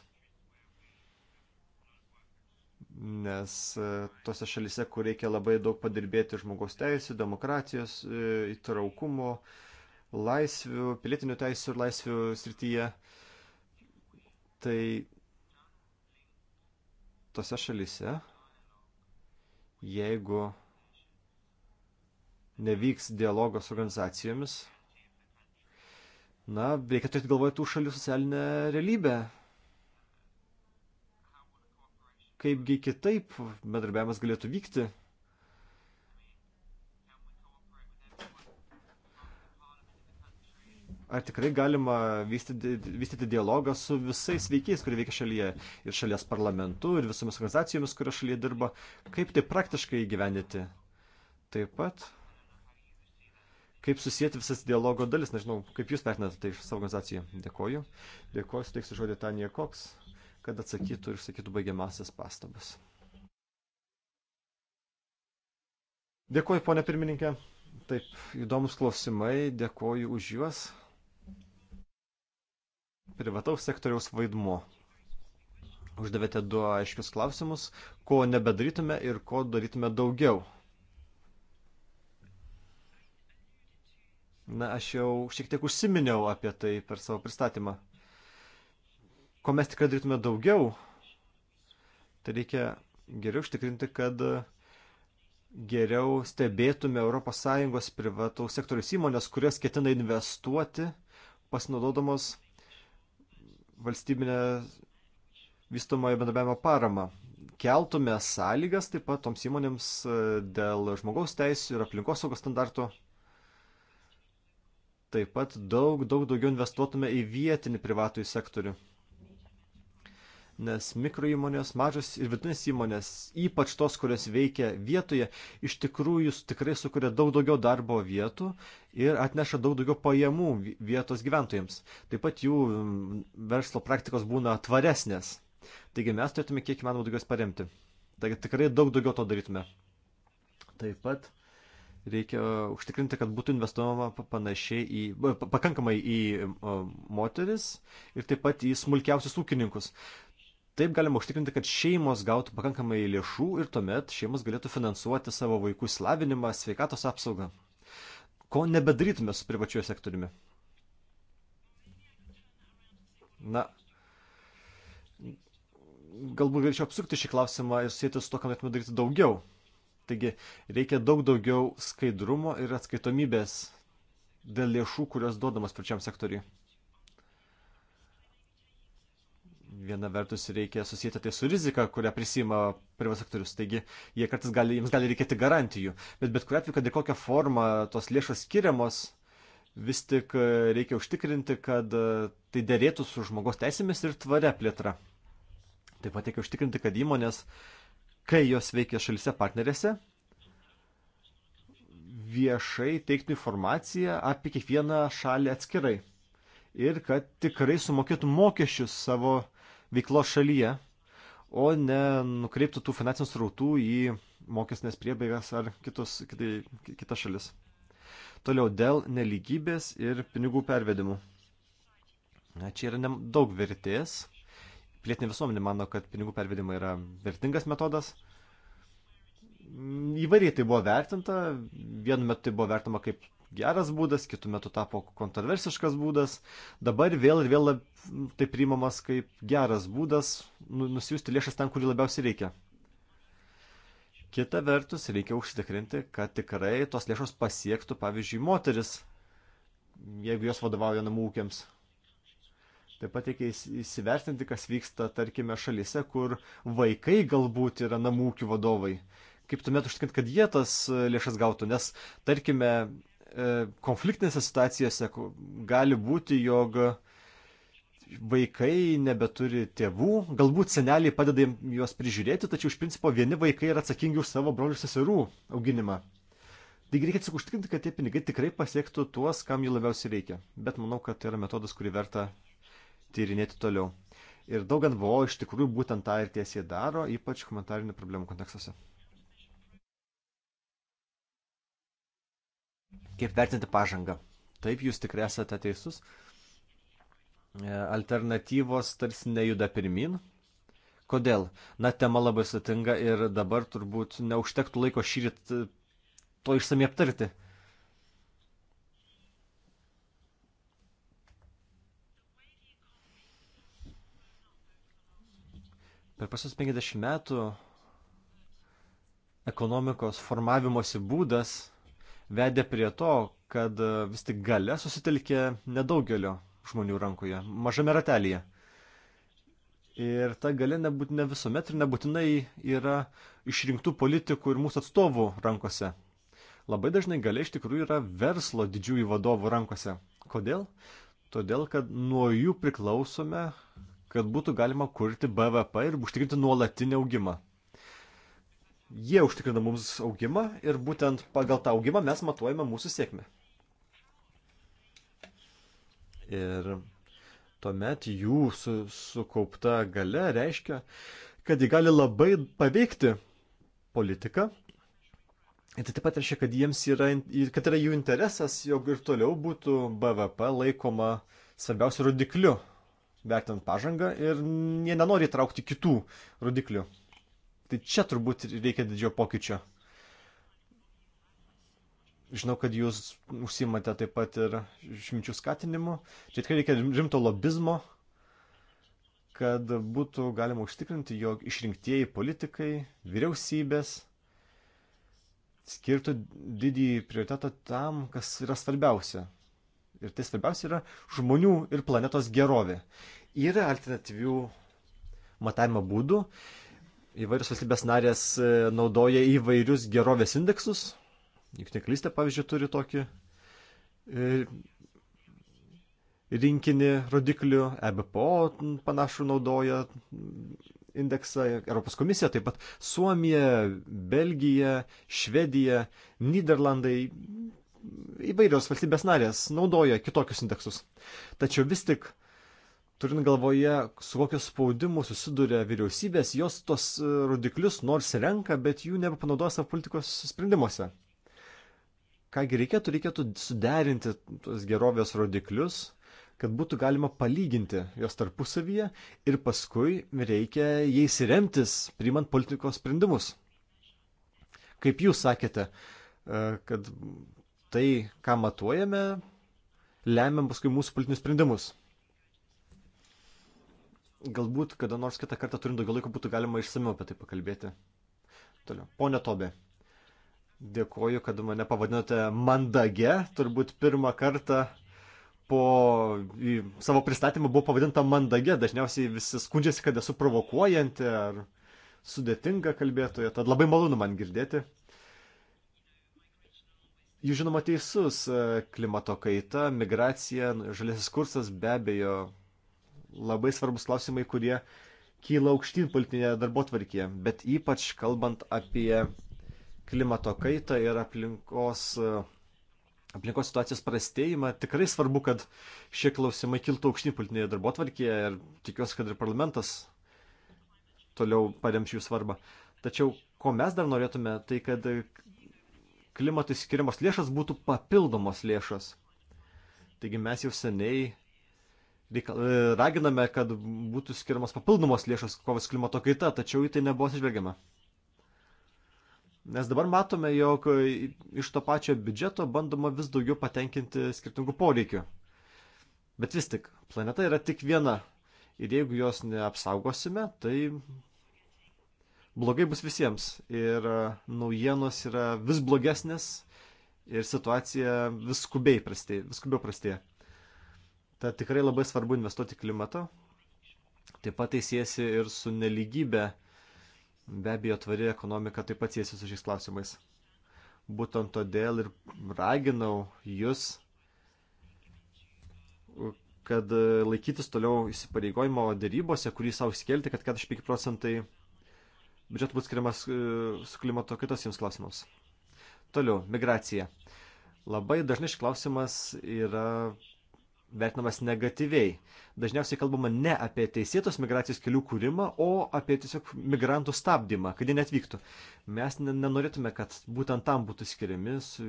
Nes e, tose šalise, kur reikia labai daug padirbėti žmogaus teisų, demokratijos, e, įtraukumo, laisvių, pilietinių teisų ir laisvių srityje, tai tose šalise, jeigu nevyks dialogo su organizacijomis, na, reikia turėti galvoje tų šalių socialinę realybę. Kaipgi kitaip bendrabiavimas galėtų vykti. ar tikrai galima vystyti, vystyti dialogą su visais veikiais, kurie veikia šalyje ir šalies parlamentu ir visomis organizacijomis, kurio šalyje dirba, kaip tai praktiškai įgyvendinti. Taip pat, kaip susijęti visas dialogo dalis, nežinau, kaip jūs vertinate tai iš savo organizacijų. Dėkoju. Dėkoju, suteiksiu žodį Tanija Koks, kad atsakytų ir sakytų baigiamasis pastabas. Dėkoju, ponė pirmininkė. Taip, įdomus klausimai, dėkoju už juos privataus sektoriaus vaidmuo. Uždavėte du aiškius klausimus, ko nebedarytume ir ko darytume daugiau. Na, aš jau šiek tiek užsiminiau apie tai per savo pristatymą. Ko mes tikrai darytume daugiau, tai reikia geriau užtikrinti, kad geriau stebėtume ES privataus sektoriaus įmonės, kurias ketina investuoti, pasinaudodamos valstybinę vystomojo bendrabiavimo paramą. Keltume sąlygas taip pat toms įmonėms e, dėl žmogaus teisų ir aplinkosaugos standartų. Taip pat daug, daug daugiau investuotume į vietinį privatų sektorių nes mikroįmonės, mažos ir vidutinės įmonės, ypač tos, kurios veikia vietoje, iš tikrųjų tikrai sukuria daug daugiau darbo vietų ir atneša daug daugiau pajamų vietos gyventojams. Taip pat jų verslo praktikos būna tvaresnės. Taigi mes turėtume kiek įmanoma daugiau paremti. Taigi tikrai daug daugiau to darytume. Taip pat reikia užtikrinti, kad būtų investuojama panašiai į, pakankamai į moteris ir taip pat į smulkiausius ūkininkus. Taip galima užtikrinti, kad šeimos gautų pakankamai lėšų ir tuomet šeimos galėtų finansuoti savo vaikų slavinimą, sveikatos apsaugą. Ko nebedarytume su privačiuoju sektoriumi. Na, galbūt galėčiau apsukti šį klausimą ir sėti su to, ką norėtume daryti daugiau. Taigi reikia daug daugiau skaidrumo ir atskaitomybės dėl lėšų, kurios duodamas pačiam sektoriui. viena vertus reikia susijęti tai su rizika, kurią prisima privas sektorius. Taigi jie kartais gali, jiems gali reikėti garantijų. Bet bet kuriu atveju, kad ir kokią formą tos lėšos skiriamos, vis tik e, reikia užtikrinti, kad e, tai dėrėtų su žmogaus teisėmis ir tvaria plėtra. Taip pat reikia užtikrinti, kad įmonės, kai jos veikia šalise partnerėse, viešai teiktų informaciją apie kiekvieną šalį atskirai. Ir kad tikrai sumokėtų mokesčius savo veiklos šalyje, o ne nukreiptų tų finansinių srautų į mokesnės priebėgas ar kitus, kitai, kitas šalis. Toliau dėl neligybės ir pinigų pervedimų. Na, čia yra daug vertės. Pilietinė visuomenė mano, kad pinigų pervedimai yra vertingas metodas. Įvairiai tai buvo vertinta. Vienu metu tai buvo vertama kaip geras būdas, kitų metų tapo kontroversiškas būdas, dabar vėl ir vėl tai priimamas kaip geras būdas nu, nusiųsti lėšas ten, kur jų labiausiai reikia. Kita vertus, reikia užtikrinti, kad tikrai tos lėšos pasiektų, pavyzdžiui, moteris, jeigu jos vadovauja namų ūkiams. Taip pat reikia įsivertinti, kas vyksta, tarkime, šalyse, kur vaikai galbūt yra namų ūkių vadovai. Kaip tuomet užtikrinti, kad jie tas lėšas gautų, nes, tarkime, E, konfliktinėse situacijose gali būti, jog vaikai nebeturi tėvų, galbūt seneliai padeda juos prižiūrėti, tačiau iš principo vieni vaikai yra atsakingi už savo brolių seserų auginimą. Taigi reikia tik užtikrinti, kad tie pinigai tikrai pasiektų tuos, kam jų labiausiai reikia. Bet manau, kad tai yra metodas, kurį verta tyrinėti toliau. Ir daug NVO iš tikrųjų būtent tą ir tiesiai daro, ypač humanitarinių problemų kontekstuose. kaip vertinti pažangą. Taip, jūs tikrai esate teisus. E, alternatyvos tarsi nejuda pirmin. Kodėl? Na, tema labai sutinga ir dabar turbūt neužtektų laiko šį rytą e, to išsamei aptarti. per pasus 50 metų ekonomikos formavimosi būdas vedė prie to, kad e, vis tik gale susitelkė nedaugelio žmonių rankoje, mažame ratelėje. Ir ta gale nebūt, ne visuomet ir nebūtinai yra išrinktų politikų ir mūsų atstovų rankose. Labai dažnai gale iš tikrųjų yra verslo didžiųjų vadovų rankose. Kodėl? Todėl, kad nuo jų priklausome, kad būtų galima kurti BVP ir užtikrinti nuolatinį augimą. Jie užtikrina mums augimą ir būtent pagal tą augimą mes matuojame mūsų sėkmę. Ir tuomet jų su, sukaupta gale reiškia, kad jie gali labai paveikti politiką. Ir tai taip pat reiškia, kad jiems yra, kad yra jų interesas, jog ir toliau būtų BVP laikoma svarbiausiu rodikliu, vertinant pažangą, ir jie nenori įtraukti kitų rodiklių. Tai čia turbūt reikia didžio pokyčio. Žinau, kad jūs užsimate taip pat ir šimčių skatinimu. Čia tikrai reikia rimto lobizmo, kad būtų galima užtikrinti, jog išrinktieji politikai, vyriausybės skirtų didįjį prioritetą tam, kas yra svarbiausia. Ir tai svarbiausia yra žmonių ir planetos gerovė. Yra alternatyvių matavimo būdų įvairios valstybės narės e, naudoja įvairius gerovės indeksus. Juk neklystė, pavyzdžiui, turi tokį e, rinkinį rodiklių, EBPO panašų naudoja indeksą, Europos komisija taip pat, Suomija, Belgija, Švedija, Niderlandai, įvairios valstybės narės naudoja kitokius indeksus. Tačiau vis tik turint galvoje, su kokiu spaudimu susiduria vyriausybės, jos tos e, rodiklius nors renka, bet jų nebepanaudoja savo politikos sprendimuose. Kągi reikėtų, reikėtų suderinti tos gerovės rodiklius, kad būtų galima palyginti jos tarpusavyje ir paskui reikia jais remtis, priimant politikos sprendimus. Kaip jūs sakėte, e, kad tai, ką matuojame, lemia paskui mūsų politinius sprendimus galbūt kada nors kitą kartą turint daugiau laiko būtų galima išsamiau apie tai pakalbėti. Toliau. Pone Tobė, dėkoju, kad mane pavadinote mandage. Turbūt pirmą kartą po savo pristatymą buvau pavadinta mandage. Dažniausiai visi skundžiasi, kad esu provokuojanti ar sudėtinga kalbėtoja. Tad labai malonu man girdėti. Jūs žinoma teisus, klimato kaita, migracija, žalėsis kursas be abejo labai svarbus klausimai, kurie kyla aukštyn politinėje darbo tvarkyje, bet ypač kalbant apie klimato kaitą ir aplinkos, aplinkos situacijos prastėjimą, tikrai svarbu, kad šie klausimai kiltų aukštyn politinėje darbo tvarkyje ir tikiuosi, kad ir parlamentas toliau parems jų svarbą. Tačiau ko mes dar norėtume, tai kad klimatui skiriamos lėšas būtų papildomos lėšas. Taigi mes jau seniai E, raginame, kad būtų skiriamas papildomos lėšos kovas klimato kaita, tačiau į tai nebuvo atsižvelgiama. Nes dabar matome, jog iš to pačio biudžeto bandoma vis daugiau patenkinti skirtingų poreikių. Bet vis tik, planeta yra tik viena. Ir jeigu jos neapsaugosime, tai blogai bus visiems. Ir naujienos yra vis blogesnės ir situacija vis skubiai prastėja. Vis skubiau prastėja. Tad tikrai labai svarbu investuoti klimatą. Taip pat tai siejasi ir su neligybė. Be abejo, tvari ekonomika taip pat siejasi su šiais klausimais. Būtent todėl ir raginau jūs, kad laikytis toliau įsipareigojimo darybose, kurį savo išsikelti, kad 45 procentai biudžetų bus skiriamas e, su klimato kitos jums klausimams. Toliau, migracija. Labai dažnai šis klausimas yra vertinamas negatyviai. Dažniausiai kalbama ne apie teisėtos migracijos kelių kūrimą, o apie tiesiog migrantų stabdymą, kad jie netvyktų. Mes nenorėtume, kad būtent tam būtų skiriami su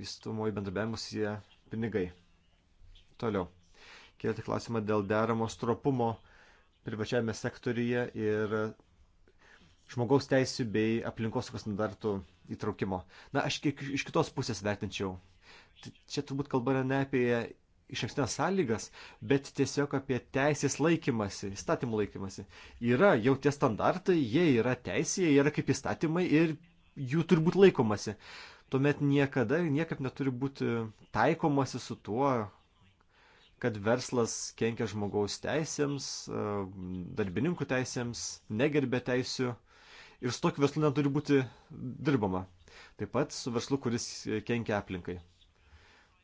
vystumoji bendrabėjimus jie pinigai. Toliau. Kėlėte klausimą dėl deramo stropumo privačiame sektoriuje ir žmogaus teisų bei aplinkosaugos standartų įtraukimo. Na, aš kiek iš kitos pusės vertinčiau. Čia turbūt kalba yra ne apie išankstinės sąlygas, bet tiesiog apie teisės laikymasi, įstatymų laikymasi. Yra jau tie standartai, jie yra teisėje, jie yra kaip įstatymai ir jų turi būti laikomasi. Tuomet niekada ir niekaip neturi būti taikomasi su tuo, kad verslas kenkia žmogaus teisėms, darbininkų teisėms, negerbė teisių ir su tokiu verslu neturi būti dirbama. Taip pat su verslu, kuris kenkia aplinkai.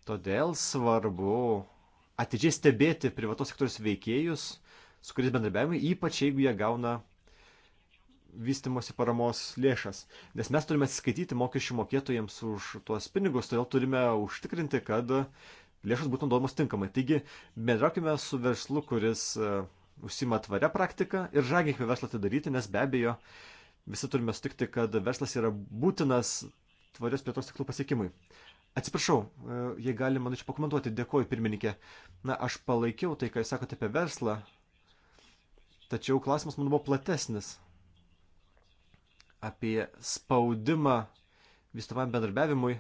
Todėl svarbu atidžiai stebėti privatos sektoriaus veikėjus, su kuriais bendradarbiavimai, ypač jeigu jie gauna vystimosi paramos lėšas. Nes mes turime atsiskaityti mokesčių mokėtojams už tuos pinigus, todėl turime užtikrinti, kad lėšos būtų naudojamos tinkamai. Taigi, bendraukime su verslu, kuris e, užsima tvarę praktiką ir žaginkime verslą tai daryti, nes be abejo visi turime sutikti, kad verslas yra būtinas tvarios plėtos tiklų pasiekimui. Atsiprašau, e, jei gali, man čia pakomentuoti, dėkoju pirmininkė. Na, aš palaikiau tai, ką jūs sakote apie verslą, tačiau klausimas man buvo platesnis apie spaudimą vystamam bendarbiavimui.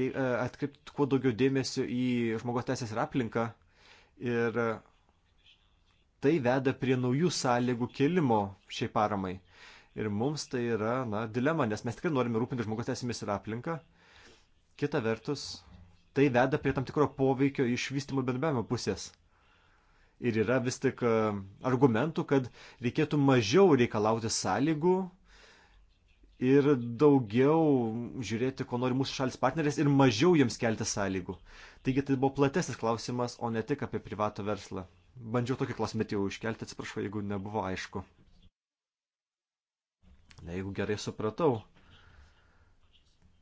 E, atkreipti kuo daugiau dėmesio į žmogaus teisės ir aplinką. Ir tai veda prie naujų sąlygų kelimo šiai paramai. Ir mums tai yra, na, dilema, nes mes tikrai norime rūpinti žmogaus teisėmis ir aplinką. Kita vertus, tai veda prie tam tikro poveikio išvystymo bendravimo pusės. Ir yra vis tik e, argumentų, kad reikėtų mažiau reikalauti sąlygų ir daugiau žiūrėti, ko nori mūsų šalis partneris ir mažiau jiems kelti sąlygų. Taigi tai buvo platesnis klausimas, o ne tik apie privato verslą. Bandžiau tokį klausimą jau iškelti, atsiprašau, jeigu nebuvo aišku. Jeigu gerai supratau,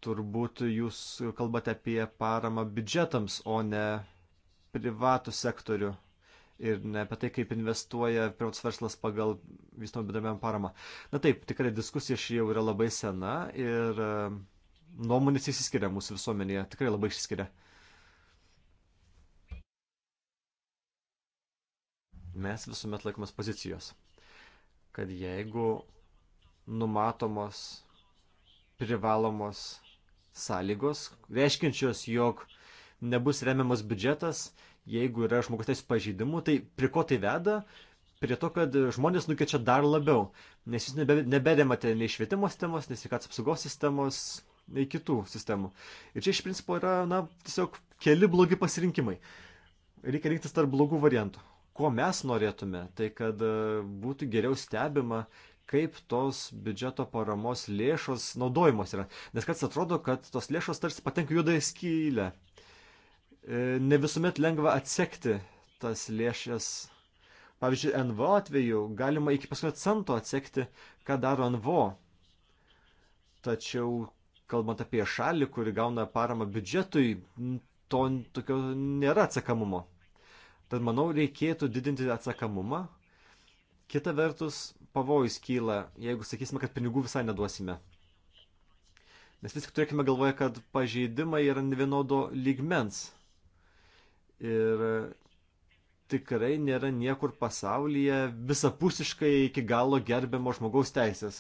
turbūt jūs kalbate apie paramą biudžetams, o ne privatų sektorių ir ne apie tai, kaip investuoja privatus verslas pagal vystomą bedarbėm paramą. Na taip, tikrai diskusija ši jau yra labai sena ir e, nuomonės įsiskiria mūsų visuomenėje, tikrai labai išsiskiria. Mes visuomet laikomės pozicijos, kad jeigu numatomos privalomos sąlygos, reiškinčios, jog nebus remiamas biudžetas, jeigu yra žmogus teisų pažeidimų, tai prie ko tai veda? Prie to, kad žmonės nukečia dar labiau, nes jūs nebe, neberemate nei švietimo sistemos, nei sveikatos apsaugos sistemos, nei kitų sistemų. Ir čia iš principo yra, na, tiesiog keli blogi pasirinkimai. Reikia rinktis tarp blogų variantų. Ko mes norėtume, tai kad e, būtų geriau stebima, kaip tos biudžeto paramos lėšos naudojamos yra. Nes kartais atrodo, kad tos lėšos tarsi patenka juodąją skylę. E, ne visuomet lengva atsekti tas lėšas. Pavyzdžiui, NVO atveju galima iki paskutinio cento atsekti, ką daro NVO. Tačiau, kalbant apie šalį, kuri gauna paramą biudžetui, to tokio nėra atsakamumo. Tad manau, reikėtų didinti atsakamumą. Kita vertus, pavojus kyla, jeigu sakysime, kad pinigų visai neduosime. Nes vis tik turėkime galvoje, kad pažeidimai yra nevienodo lygmens. Ir tikrai nėra niekur pasaulyje visapusiškai iki galo gerbiamo žmogaus teisės.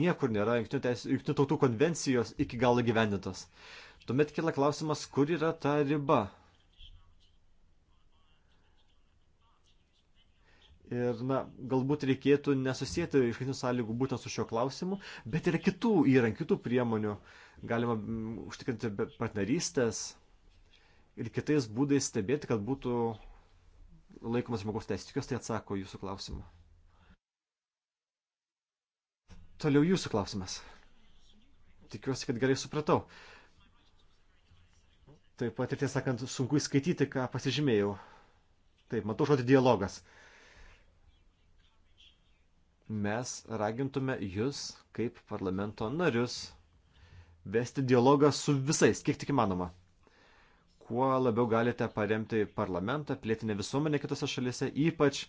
Niekur nėra jungtinių tautų konvencijos iki galo gyvendintos. Tuomet kila klausimas, kur yra ta riba. Ir, na, galbūt reikėtų nesusijęti iškaitinių sąlygų būtent su šiuo klausimu, bet ir kitų įrankių, kitų priemonių. Galima mm, užtikrinti partnerystės ir kitais būdais stebėti, kad būtų laikomas žmogaus teisės. Tikiuosi, tai atsako jūsų klausimą. Toliau jūsų klausimas. Tikiuosi, kad gerai supratau. Taip pat ir tiesą sakant, sunku įskaityti, ką pasižymėjau. Taip, matau žodį dialogas mes ragintume jūs, kaip parlamento narius, vesti dialogą su visais, kiek tik įmanoma. Kuo labiau galite paremti parlamentą, plėtinę visuomenę kitose šalise, ypač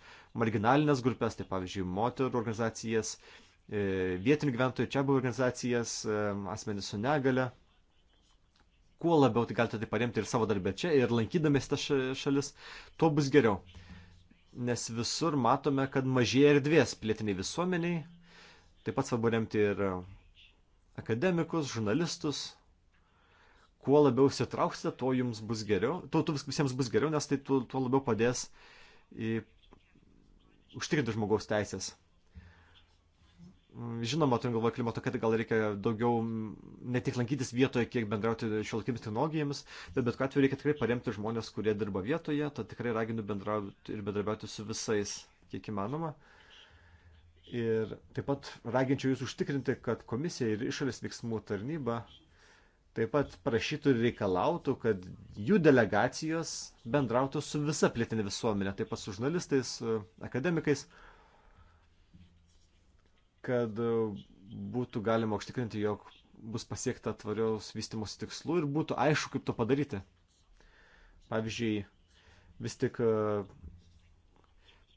marginalinės grupės, tai pavyzdžiui, moterų organizacijas, e, vietinių gyventojų čia buvo organizacijas, e, asmenys su negale. Kuo labiau tai galite tai paremti ir savo darbę čia, ir lankydamės tas šalis, tuo bus geriau nes visur matome, kad mažėja erdvės plėtiniai visuomeniai. Taip pat svarbu remti ir akademikus, žurnalistus. Kuo labiau sitrauksite, tuo jums bus geriau, tuo, tuo visiems bus geriau, nes tai tuo, tuo labiau padės į, užtikrinti žmogaus teisės. Žinoma, turint galvoje klimato kaitą, gal reikia daugiau ne tik lankytis vietoje, kiek bendrauti šiolaikinėmis technologijomis, bet bet kuriuo atveju reikia tikrai paremti žmonės, kurie dirba vietoje, tad tikrai raginu bendrauti ir bendrauti su visais, kiek įmanoma. Ir taip pat raginčiau jūs užtikrinti, kad komisija ir išorės veiksmų tarnyba taip pat prašytų ir reikalautų, kad jų delegacijos bendrautų su visa plėtinė visuomenė, taip pat su žurnalistais, akademikais, kad e, būtų galima užtikrinti, jog bus pasiekta tvarios vystimos tikslų ir būtų aišku, kaip to padaryti. Pavyzdžiui, vis tik e,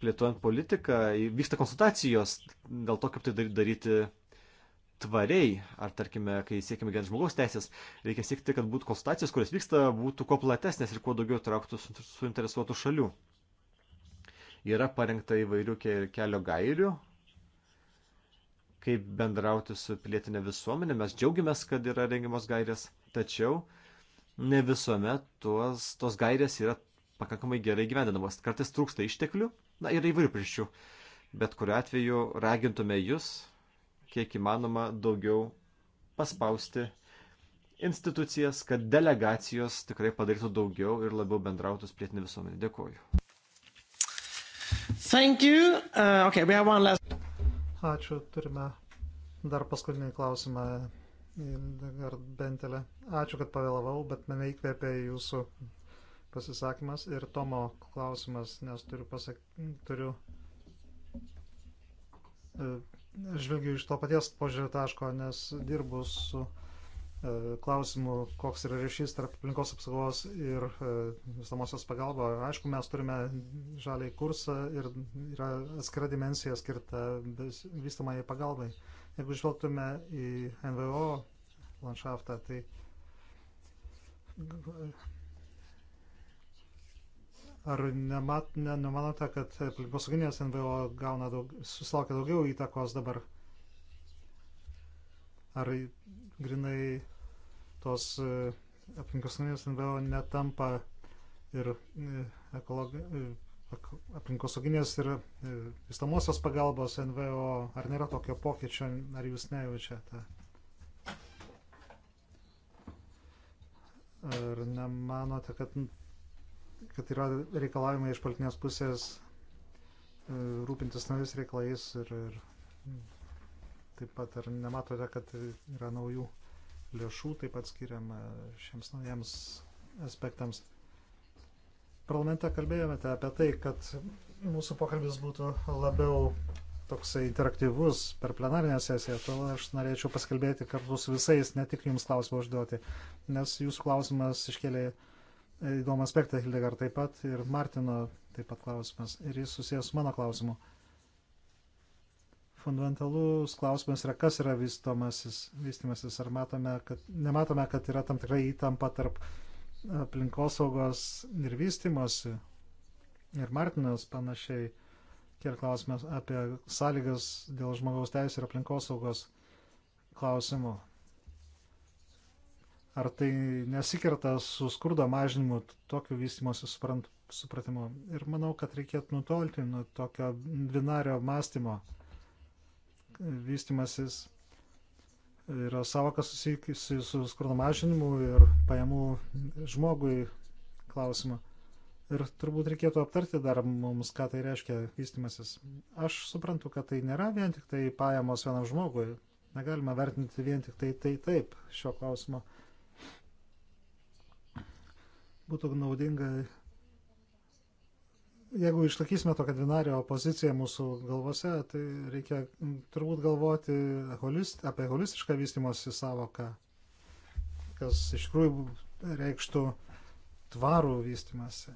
plėtojant politiką vyksta konsultacijos dėl to, kaip tai daryti tvariai, ar tarkime, kai siekime gerinti žmogaus teisės, reikia siekti, kad būtų konsultacijos, kurios vyksta, būtų kuo platesnės ir kuo daugiau trauktų suinteresuotų šalių. Yra parengta įvairių kelio gairių, kaip bendrauti su pilietinė visuomenė. Mes džiaugiamės, kad yra rengiamos gairės, tačiau ne visuomet tuos, tos gairės yra pakankamai gerai gyvendinamos. Kartais trūksta išteklių, na ir įvairių priešių. Bet kuriu atveju ragintume jūs, kiek įmanoma, daugiau paspausti institucijas, kad delegacijos tikrai padarytų daugiau ir labiau bendrautų su plėtinė visuomenė. Dėkuoju. Thank you. Uh, okay, we have one last. Ačiū, turime dar paskutinį klausimą. Ar bentelė. Ačiū, kad pavėlavau, bet mane įkvėpė jūsų pasisakymas ir Tomo klausimas, nes turiu pasakyti, turiu e, žvelgiu iš to paties požiūrio taško, nes dirbu su E, klausimų, koks yra ryšys tarp aplinkos apsaugos ir e, visamosios pagalba. Aišku, mes turime žaliai kursą ir yra atskira dimensija skirta vystamai pagalbai. Jeigu žvelgtume į NVO landšaftą, tai Ar nemat, ne, nemanote, kad aplinkosauginės NVO gauna daug, susilaukia daugiau įtakos dabar? Ar grinai tos e, aplinkosauginės NVO netampa ir e, e, aplinkosauginės ir įstamosios pagalbos NVO, ar nėra tokio pokyčio, ar jūs nejaučiate? Ar nemanote, kad, kad yra reikalavimai iš politinės pusės rūpintis naujais reikalais ir, ir taip pat ar nematote, kad yra naujų lėšų taip pat skiriama šiems naujams aspektams. Parlamente kalbėjome apie tai, kad mūsų pokalbis būtų labiau toksai interaktyvus per plenarinę sesiją, todėl aš norėčiau paskalbėti kartu su visais, ne tik jums klausimą užduoti, nes jūsų klausimas iškėlė įdomų aspektą, Hildegard taip pat, ir Martino taip pat klausimas, ir jis susijęs su mano klausimu fundamentalus klausimas yra, kas yra vystomasis, vystimasis, ar matome, kad, nematome, kad yra tam tikrai įtampa tarp aplinkosaugos ir vystimosi. Ir Martinas panašiai kiek klausimas apie sąlygas dėl žmogaus teisų ir aplinkosaugos klausimų. Ar tai nesikerta su skurdo mažinimu, tokiu vystimosi suprant, supratimu. Ir manau, kad reikėtų nutolti nuo tokio dvinario mąstymo vystimasis yra savokas susijusi su skurdo mažinimu ir pajamų žmogui klausimą. Ir turbūt reikėtų aptarti dar mums, ką tai reiškia vystimasis. Aš suprantu, kad tai nėra vien tik tai pajamos vienam žmogui. Negalima vertinti vien tik tai tai taip šio klausimo. Būtų naudinga jeigu išlaikysime tokią dvinarę opoziciją mūsų galvose, tai reikia turbūt galvoti holist, apie holistišką vystimosi savoką, kas iš tikrųjų reikštų tvarų vystimasi,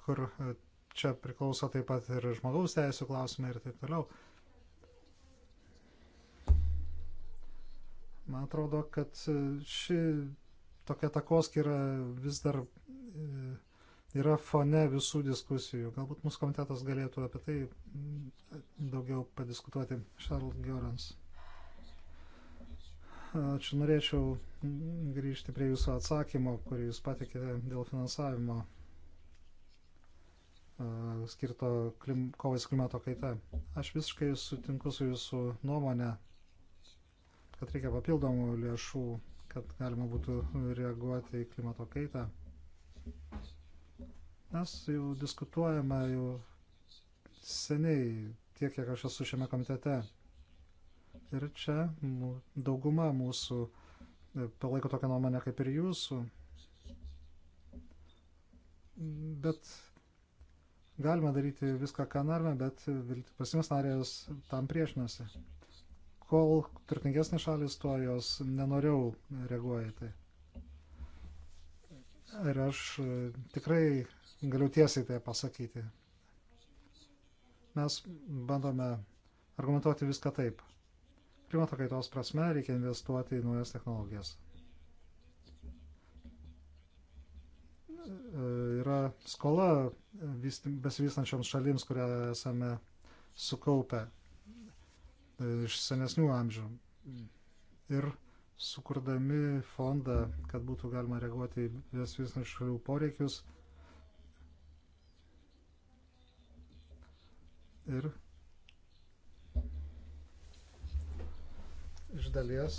kur e, čia priklauso taip pat ir žmogaus teisų klausimai ir taip toliau. Man atrodo, kad e, ši tokia takoskyra vis dar e, yra fone visų diskusijų. Galbūt mūsų komitetas galėtų apie tai mm, daugiau padiskutuoti. Charles Giorans. Ačiū norėčiau mm, grįžti prie jūsų atsakymo, kurį jūs patikėte dėl finansavimo skirto klim, kovai su klimato kaita. Aš visiškai sutinku su jūsų nuomonė, kad reikia papildomų lėšų, kad galima būtų reaguoti į klimato kaitą. Mes jau diskutuojame jau seniai, tiek kiek aš esu šiame komitete. Ir čia dauguma mūsų e, palaiko tokią nuomonę kaip ir jūsų. Bet galima daryti viską, ką norime, bet pasimis narės tam priešinasi. Kol turtingesnės šalis, tuo jos nenoriau reaguoja tai. Ir aš e, tikrai galiu tiesiai tai pasakyti. Mes bandome argumentuoti viską taip. Klimato kaitos prasme reikia investuoti į naujas technologijas. E, yra skola besivystančioms šalims, kurią esame sukaupę e, iš senesnių amžių. Ir sukurdami fondą, kad būtų galima reaguoti į vis visų šalių poreikius. Ir iš dalies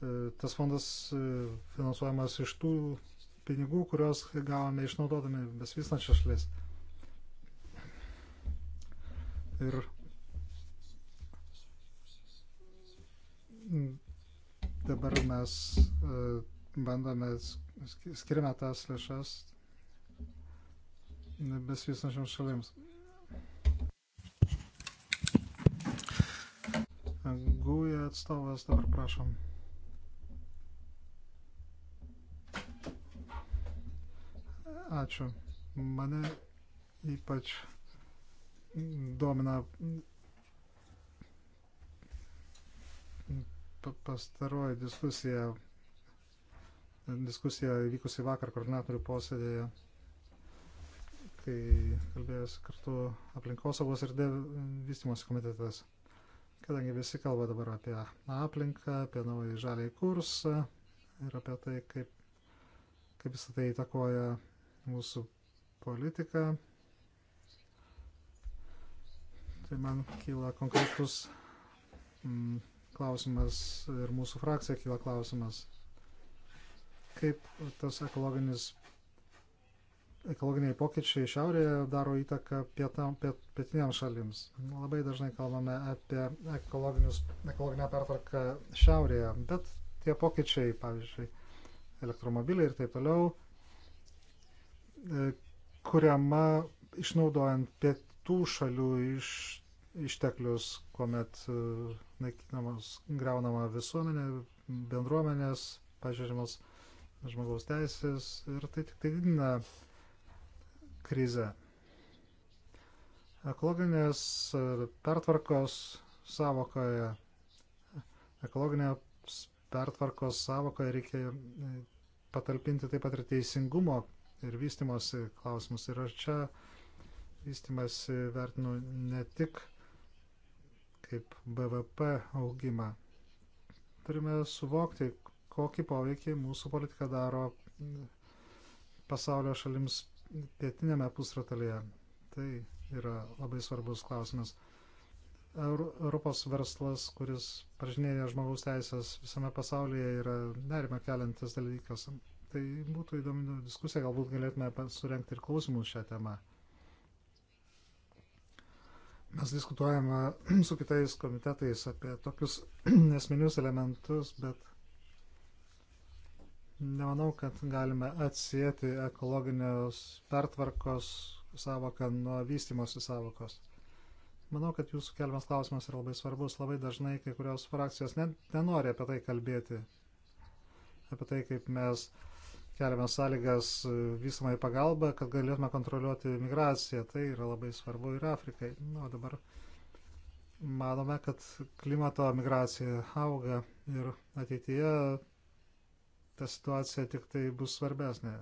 e, tas fondas e, finansuojamas iš tų pinigų, kuriuos gavome išnaudodami besvystančias šalis. Ir dabar mes e, bandome, skiriame tas lėšas besvystančiams šalims. Gūja atstovas, dabar prašom. Ačiū. Mane ypač domina pastaroji diskusija, diskusija vykusi vakar koordinatorių posėdėje, kai kalbėjosi kartu aplinkosaugos ir vystimosi komitetas. Kadangi visi kalba dabar apie aplinką, apie naują žalį kursą ir apie tai, kaip, kaip visą tai įtakoja mūsų politiką, tai man kyla konkretus mm, klausimas ir mūsų frakcija kyla klausimas, kaip tas ekologinis, ekologiniai pokyčiai šiaurėje daro įtaką pietam, piet, pietiniams šalims. Labai dažnai kalbame apie ekologinę pertvarką šiaurėje, bet tie pokyčiai, pavyzdžiui, elektromobiliai ir taip toliau, e, kuriama išnaudojant pietų šalių iš, išteklius, kuomet uh, naikinamos, greunama visuomenė, bendruomenės, pažiūrimos žmogaus teisės ir tai tik tai didina krizę. Ekologinės pertvarkos savokoje, ekologinės pertvarkos savokoje reikia patalpinti taip pat ir teisingumo ir vystimosi klausimus. Ir aš čia vystimasi vertinu ne tik kaip BVP augimą. Turime suvokti, kokį poveikį mūsų politika daro pasaulio šalims pietinėme pusratalyje. Tai yra labai svarbus klausimas. Europos verslas, kuris pažinėja žmogaus teisės visame pasaulyje, yra nerima keliantis dalykas. Tai būtų įdomi diskusija, galbūt galėtume surenkti ir klausimus šią temą. Mes diskutuojame (clears throat) su kitais komitetais apie tokius (clears throat) esminius elementus, bet nemanau, kad galime atsijėti ekologinės pertvarkos savoką nuo vystimosi savokos. Manau, kad jūsų keliamas klausimas yra labai svarbus. Labai dažnai kai kurios frakcijos net nenori apie tai kalbėti. Apie tai, kaip mes uh, keliame sąlygas e, visomai pagalbą, kad galėtume kontroliuoti migraciją. Tai yra labai svarbu ir Afrikai. Na, o dabar manome, kad klimato migracija auga ir ateityje ta situacija tik tai bus svarbesnė.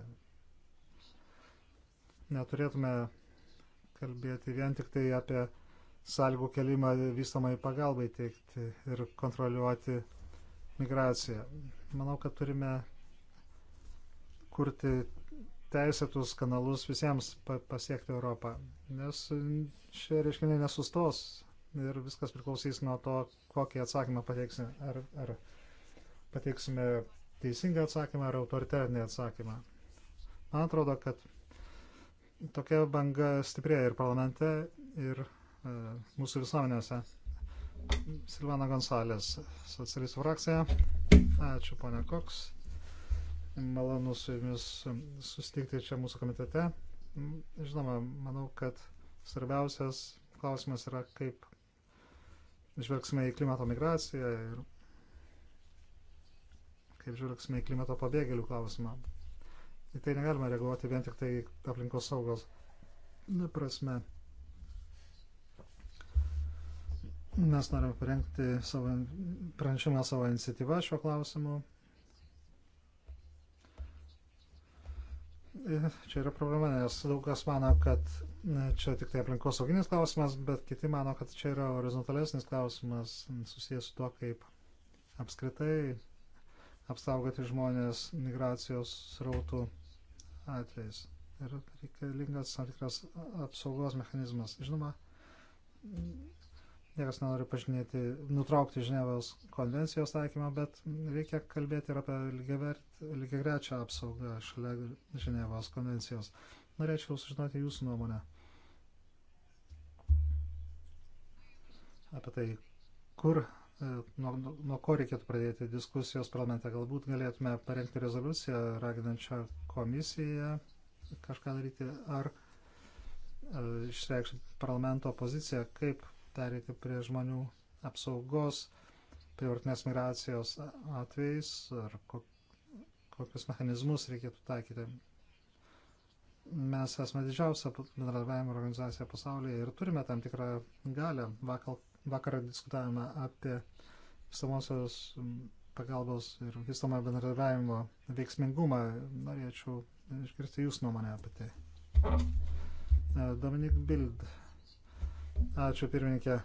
Neturėtume kalbėti vien tik tai apie sąlygų kelimą vystamai pagalbai teikti ir kontroliuoti migraciją. Manau, kad turime kurti teisėtus kanalus visiems pasiekti Europą, nes šie reiškiniai nesustos ir viskas priklausys nuo to, kokį atsakymą pateiksime. Ar, ar pateiksime teisingą atsakymą ar autoritarinį atsakymą. Man atrodo, kad tokia banga stiprėja ir parlamente, ir e, mūsų visuomenėse. Silvana Gonsalės, socialistų frakcija. Ačiū, ponia Koks malonu su jumis susitikti čia mūsų komitete. Žinoma, manau, kad svarbiausias klausimas yra, kaip žvelgsime į klimato migraciją ir kaip žvelgsime į klimato pabėgėlių klausimą. Į tai negalima reaguoti vien tik tai aplinkos saugos prasme. Mes norime parengti savo, pranešimą savo iniciatyvą šiuo klausimu. čia yra problema, nes daug kas mano, kad čia tik tai aplinkosauginis klausimas, bet kiti mano, kad čia yra horizontalesnis klausimas susijęs su tuo, kaip apskritai apsaugoti žmonės migracijos srautų atvejais. Ir reikalingas tam tikras apsaugos mechanizmas. Žinoma, Niekas nenori pažinėti, nutraukti Ženevos konvencijos taikymą, bet reikia kalbėti ir apie lygiai grečią apsaugą šalia Ženevos konvencijos. Norėčiau sužinoti jūsų nuomonę apie tai, kur, e, nuo, nuo, nuo ko reikėtų pradėti diskusijos parlamente. Galbūt galėtume parengti rezoliuciją raginančią komisiją kažką daryti, ar e, išreikšti parlamento poziciją, kaip perėti prie žmonių apsaugos, prievartinės migracijos atvejais ar kokius mechanizmus reikėtų taikyti. Mes esame didžiausia bendradarbiavimo organizacija pasaulyje ir turime tam tikrą galę. Vakar, vakar diskutavome apie vystamosios pagalbos ir vystamojo bendradarbiavimo veiksmingumą. Norėčiau išgirsti Jūsų nuomonę apie tai. Dominik Bild. Ačiū pirmininkė.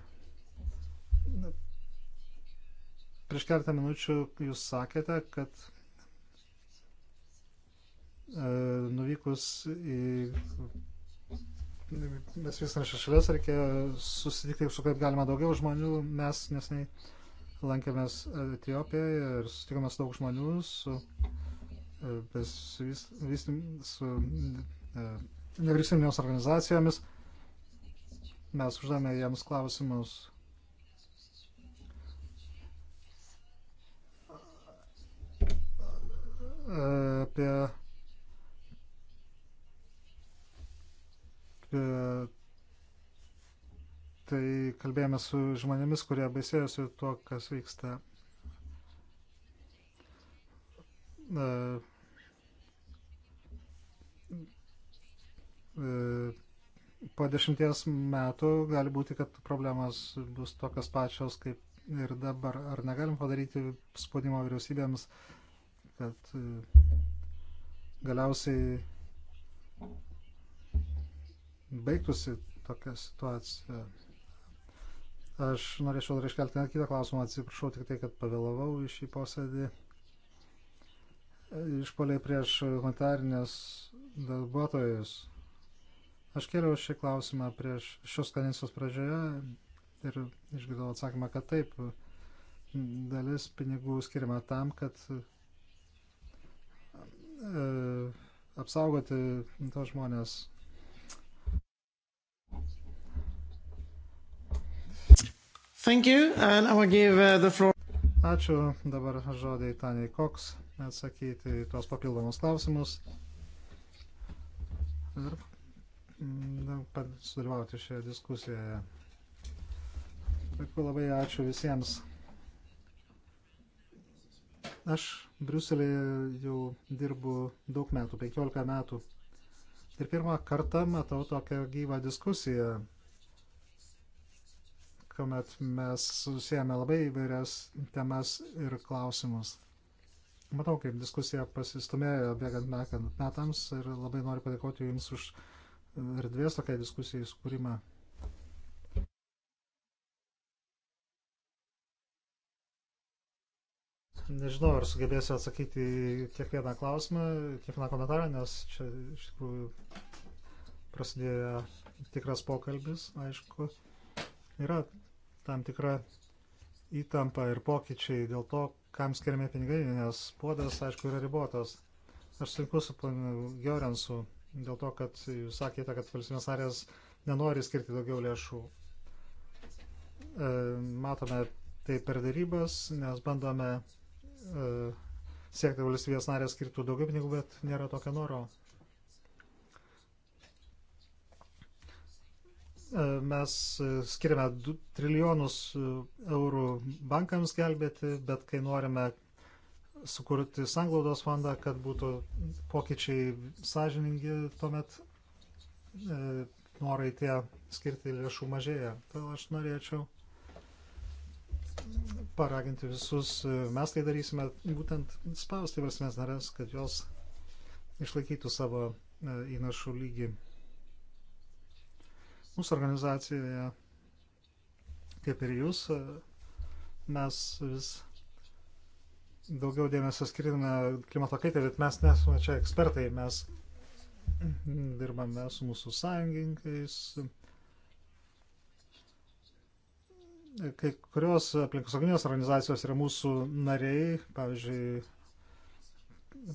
Prieš keletą minučių jūs sakėte, kad e, nuvykus į mes vykstančias šalies reikėjo susitikti su kaip galima daugiau žmonių. Mes nesnei lankėmės Etiopijoje ir susitikome su daug žmonių, su, e, su, su, e, su nevyriausybinėms organizacijomis. Mes uždavėme jiems klausimus. apie tai kalbėjome su žmonėmis, kurie baisėjosi tuo, kas vyksta. E, e, po dešimties metų gali būti, kad problemos bus tokios pačios kaip ir dabar. Ar negalim padaryti spaudimo vyriausybėms, kad e, galiausiai baigtųsi tokia situacija? Aš norėčiau dar iškelti net kitą klausimą, atsiprašau tik tai, kad pavėlavau į šį posėdį. Išpoliai prieš humanitarinės darbuotojus Aš kėliau šį klausimą prieš šios kadencijos pradžioje ir išgirdau atsakymą, kad taip, dalis pinigų skiriama tam, kad e, apsaugoti tos žmonės. Thank you, and I will give uh, the floor. Ačiū dabar žodį Taniai Koks atsakyti tuos papildomus klausimus. Ir sudalyvauti šioje diskusijoje. Taip, labai ačiū visiems. Aš Briuselėje jau dirbu daug metų, 15 metų. Ir pirmą kartą matau tokią gyvą diskusiją, kuomet mes susijame labai įvairias temas ir klausimus. Matau, kaip diskusija pasistumėjo bėgant metams ir labai noriu padėkoti Jums už erdvės tokiai diskusijai sukūrimą. Nežinau, ar sugebėsiu atsakyti kiekvieną klausimą, kiekvieną komentarą, nes čia iš tikrųjų prasidėjo tikras pokalbis, aišku. Yra tam tikra įtampa ir pokyčiai dėl to, kam skiriami pinigai, nes puodas, aišku, yra ribotas. Aš sutinku su ponu Gerensu, dėl to, kad jūs sakėte, kad valstybės narės nenori skirti daugiau lėšų. E, matome tai per darybas, nes bandome e, siekti valstybės narės skirtų daugiau pinigų, bet nėra tokio noro. E, mes skiriame 2 trilijonus eurų bankams gelbėti, bet kai norime sukurti sanglaudos fondą, kad būtų pokyčiai sąžiningi, tuomet e, norai tie skirti lėšų mažėja. Tai aš norėčiau paraginti visus, e, mes tai darysime būtent spausti valstybės narės, kad jos išlaikytų savo e, įnašų lygį. Mūsų organizacijoje, kaip ir jūs, e, mes vis daugiau dėmesio skirime klimato kaitai, bet mes nesame čia ekspertai, mes dirbame su mūsų sąjungininkais. Kai kurios aplinkosauginės organizacijos yra mūsų nariai, pavyzdžiui,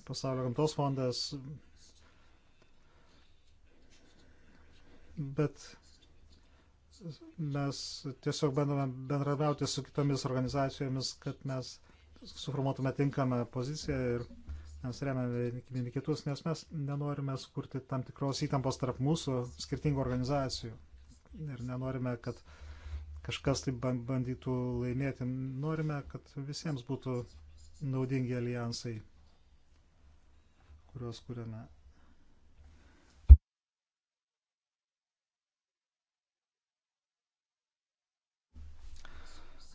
Pasaulio gamtos fondas, bet mes tiesiog bandome bendradarbiauti su kitomis organizacijomis, kad mes suformuotume tinkamą poziciją ir mes remiame vieni kitus, nes mes nenorime skurti tam tikros įtampos tarp mūsų skirtingų organizacijų ir nenorime, kad kažkas tai bandytų laimėti. Norime, kad visiems būtų naudingi alijansai, kuriuos kuriame.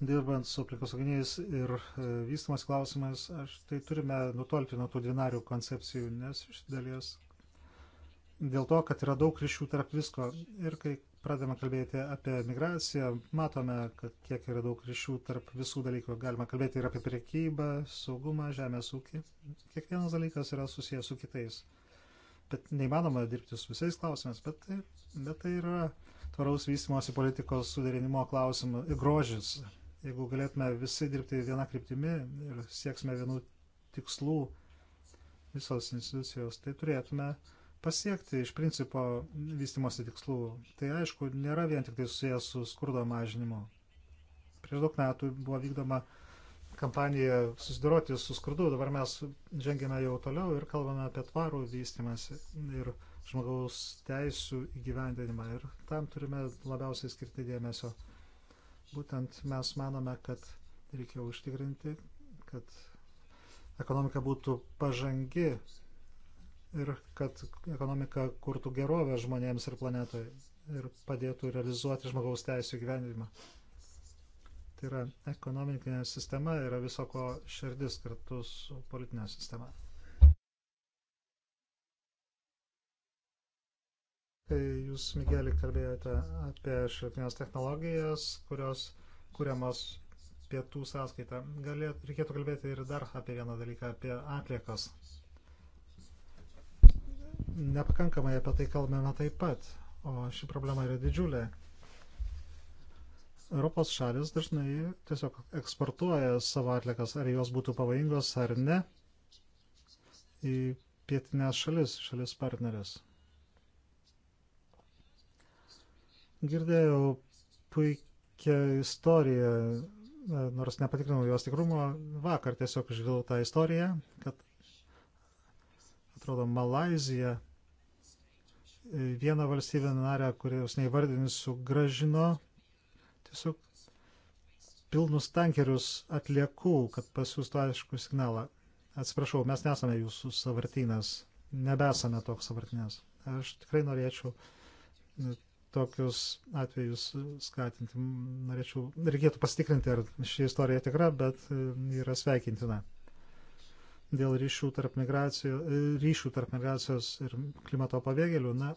dirbant su aplinkosauginiais ir e, vystimas klausimais, aš tai turime nutolti nuo tų dvinarių koncepcijų, nes iš dalies dėl to, kad yra daug ryšių tarp visko. Ir kai pradame kalbėti apie migraciją, matome, kad kiek yra daug ryšių tarp visų dalykų. Galima kalbėti ir apie priekybą, saugumą, žemės ūkį. Kiekvienas dalykas yra susijęs su kitais. Bet neįmanoma dirbti su visais klausimais, bet tai, bet tai yra tvaraus vystimosi politikos suderinimo klausimas, grožis jeigu galėtume visi dirbti vieną kryptimį ir sieksime vienų tikslų visos institucijos, tai turėtume pasiekti iš principo vystimosi tikslų. Tai aišku, nėra vien tik tai susijęs su skurdo mažinimu. Prieš daug metų buvo vykdoma kampanija susidoroti su skurdu, dabar mes žengėme jau toliau ir kalbame apie tvarų vystimąsi ir žmogaus teisų įgyvendinimą ir tam turime labiausiai skirti dėmesio. Būtent mes manome, kad reikia užtikrinti, kad ekonomika būtų pažangi ir kad ekonomika kurtų gerovę žmonėms ir planetoje ir padėtų realizuoti žmogaus teisų gyvenimą. Tai yra ekonominė sistema, yra viso ko širdis kartu su politinė sistema. kai jūs, Migelį, kalbėjote apie šiltinės technologijas, kurios kuriamos pietų sąskaita. Galėt, reikėtų kalbėti ir dar apie vieną dalyką, apie atliekas. Nepakankamai apie tai kalbame taip pat, o ši problema yra didžiulė. Europos šalis dažnai tiesiog eksportuoja savo atlikas, ar jos būtų pavojingos ar ne, į pietinės šalis, šalis partneris. Girdėjau puikią istoriją, e, nors nepatikrinau jos tikrumo, vakar tiesiog išgirdau tą istoriją, kad atrodo Malazija e, vieną valstybę narę, kurios neįvardinsiu, gražino tiesiog pilnus tankerius atliekų, kad pasiūstų aišku signalą. Atsiprašau, mes nesame jūsų savartynas, nebesame toks savartynas. Aš tikrai norėčiau tokius atvejus skatinti. Norėčiau, reikėtų pasitikrinti, ar ši istorija tikra, bet e, yra sveikintina. Dėl ryšių tarp, e, ryšių tarp migracijos ir klimato pabėgėlių, na,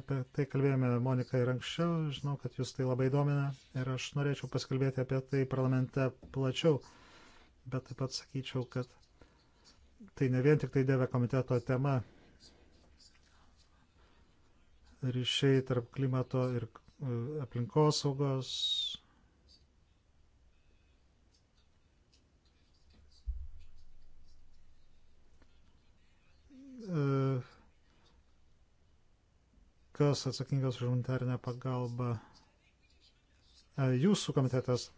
apie tai kalbėjome Monika ir anksčiau, žinau, kad jūs tai labai domina ir aš norėčiau pasikalbėti apie tai parlamente plačiau, bet taip pat sakyčiau, kad tai ne vien tik tai dėvė komiteto tema, ryšiai tarp klimato ir e, aplinkosaugos. E, kas atsakingas už humanitarinę pagalbą. E, jūsų komitetas.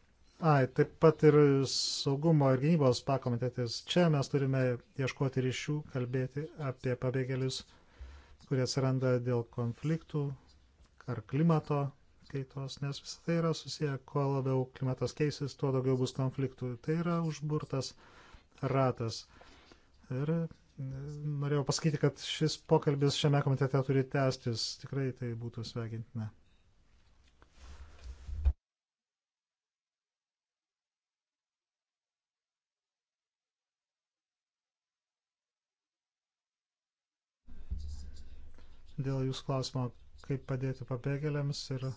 Ai, taip pat ir saugumo ir gynybos pakomitetis. Čia mes turime ieškoti ryšių, kalbėti apie pabėgėlius kurie atsiranda dėl konfliktų ar klimato kaitos, nes visą tai yra susiję, kuo labiau klimatas keisis, tuo daugiau bus konfliktų. Tai yra užburtas ratas. Ir e, norėjau pasakyti, kad šis pokalbis šiame komitete turi tęstis. Tikrai tai būtų sveikintina. dėl jūsų klausimo, kaip padėti pabėgėliams ir e,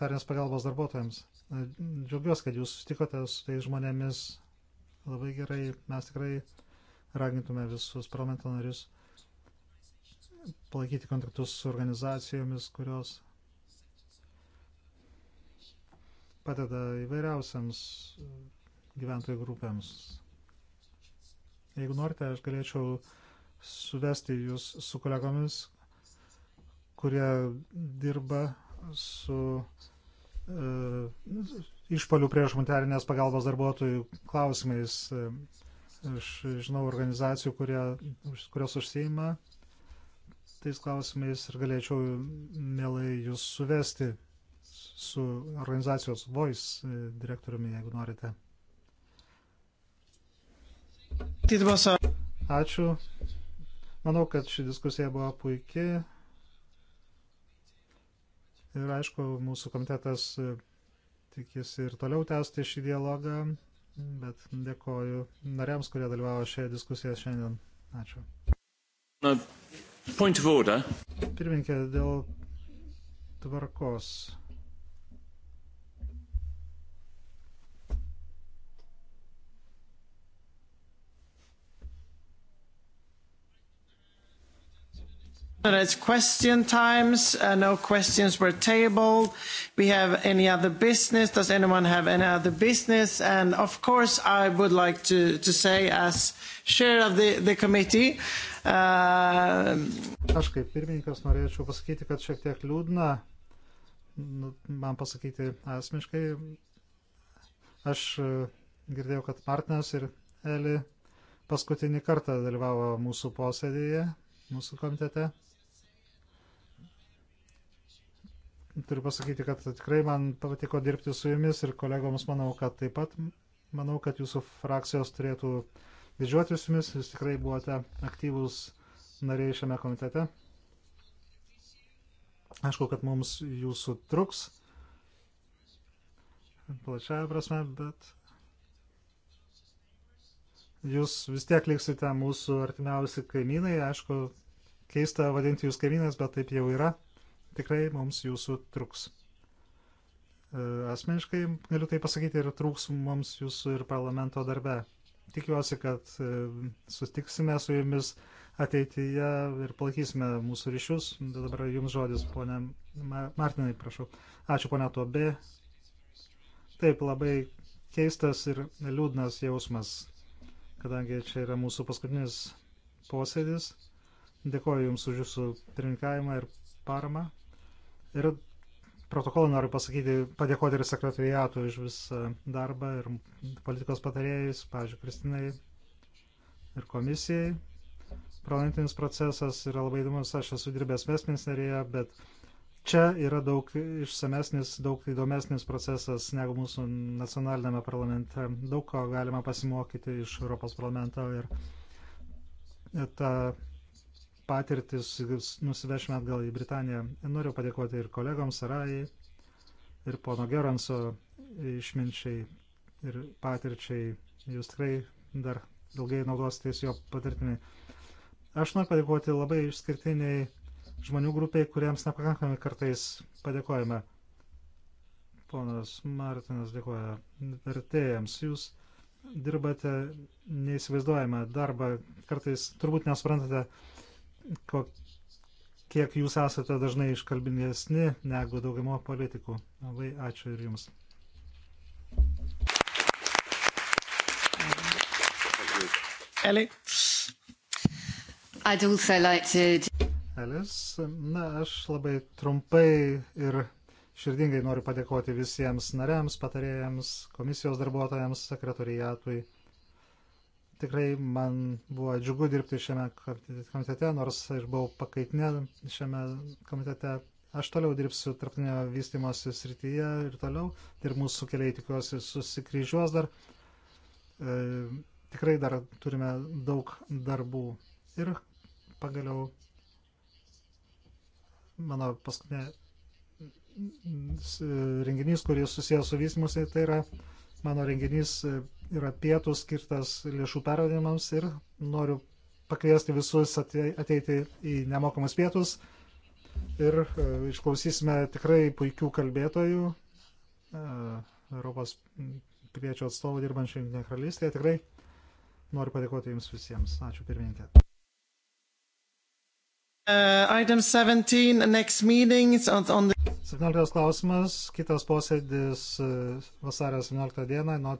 tarnės pagalbos darbuotojams. E, džiaugiuosi, kad jūs sutikote su tais žmonėmis labai gerai. Mes tikrai ragintume visus parlamento narius palaikyti kontaktus su organizacijomis, kurios padeda įvairiausiams gyventojų grupėms. Jeigu norite, aš galėčiau uh, suvesti jūs su kolegomis, kurie dirba su e, išpalių prieš humanitarinės pagalbos darbuotojų klausimais. E, aš žinau organizacijų, kurie, kurios užsieima tais klausimais ir galėčiau mielai jūs suvesti su organizacijos Voice e, direktoriumi, jeigu norite. Ačiū. Manau, kad ši diskusija buvo puikiai. Ir aišku, mūsų komitetas tikisi ir toliau tęsti šį dialogą, bet dėkoju nariams, kurie dalyvavo šioje diskusijoje šiandien. Ačiū. No, Pirminkė, dėl tvarkos. It's question times. Uh, no questions were tabled. We have any other business? Does anyone have any other business? And of course, I would like to, to say, as chair of the, the committee. Uh... Aš kaip pirmininkas norėčiau pasakyti, kad šiek tiek liūdna nu, man pasakyti asmeniškai. Aš e, girdėjau, kad Martinas ir Eli paskutinį kartą dalyvavo mūsų posėdėje, mūsų komitete. turiu pasakyti, kad tikrai man patiko dirbti su jumis ir kolegoms manau, kad taip pat manau, kad jūsų frakcijos turėtų didžiuotis jumis, jūs tikrai buvote aktyvūs nariai šiame komitete. Aišku, kad mums jūsų truks plačiaja prasme, bet jūs vis tiek liksite mūsų artimiausi kaimynai, aišku, keista vadinti jūs kaimynės, bet taip jau yra tikrai mums jūsų truks. E, asmeniškai galiu tai pasakyti ir trūks mums jūsų ir parlamento darbe. Tikiuosi, kad e, sustiksime su jumis ateityje ir palaikysime mūsų ryšius. Dabar jums žodis, ponė Martinai, prašau. Ačiū, ponė Tobė. Taip, labai keistas ir liūdnas jausmas, kadangi čia yra mūsų paskutinis posėdis. Dėkoju Jums už Jūsų pirmininkavimą ir paramą. Ir protokolą noriu pasakyti, padėkoti ir sekretariatui už visą darbą ir politikos patarėjus, pavyzdžiui, Kristinai ir komisijai. Parlamentinis procesas yra labai įdomus, aš esu dirbęs Westminsterėje, bet čia yra daug išsamesnis, daug įdomesnis procesas negu mūsų nacionalinėme parlamente. Daug ko galima pasimokyti iš Europos parlamento ir ta patirtis nusivešime atgal į Britaniją. Noriu padėkoti ir kolegoms Sarai, ir pono Geranso išminčiai ir patirčiai. Jūs tikrai dar ilgai naudositės jo patirtimi. Aš noriu padėkoti labai išskirtiniai žmonių grupiai, kuriems nepakankamai kartais padėkojame. Ponas Martinas dėkoja vertėjams. Jūs dirbate neįsivaizduojamą darbą, kartais turbūt nesuprantate, ko, kiek jūs esate dažnai iškalbingesni negu daugumo politikų. Labai ačiū ir jums. Alex. I'd also like to... Elis. Na, aš labai trumpai ir širdingai noriu padėkoti visiems nariams, patarėjams, komisijos darbuotojams, sekretoriatui tikrai man buvo džiugu dirbti šiame komitete, nors ir buvau pakaitinė šiame komitete. Aš toliau dirbsiu tarptinio vystimosi srityje ir toliau. Ir mūsų keliai tikiuosi susikryžiuos dar. E, tikrai dar turime daug darbų. Ir pagaliau mano paskutinė mm, renginys, kuris susijęs su vystimusi, tai yra mano renginys yra pietų skirtas lėšų pervedimams ir noriu pakviesti visus ateiti į nemokamus pietus ir e, išklausysime tikrai puikių kalbėtojų, e, Europos piliečių atstovų dirbančių Junktinėje karalystėje. Tikrai noriu padėkoti Jums visiems. Ačiū pirmininkė. Uh, item 17, next meetings on, on the... 17 klausimas, kitas posėdis vasario 17 dieną nuo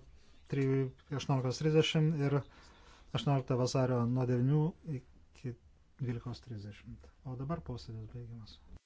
18.30 ir 18 vasario nuo 9 iki 12.30. O dabar posėdis baigiamas.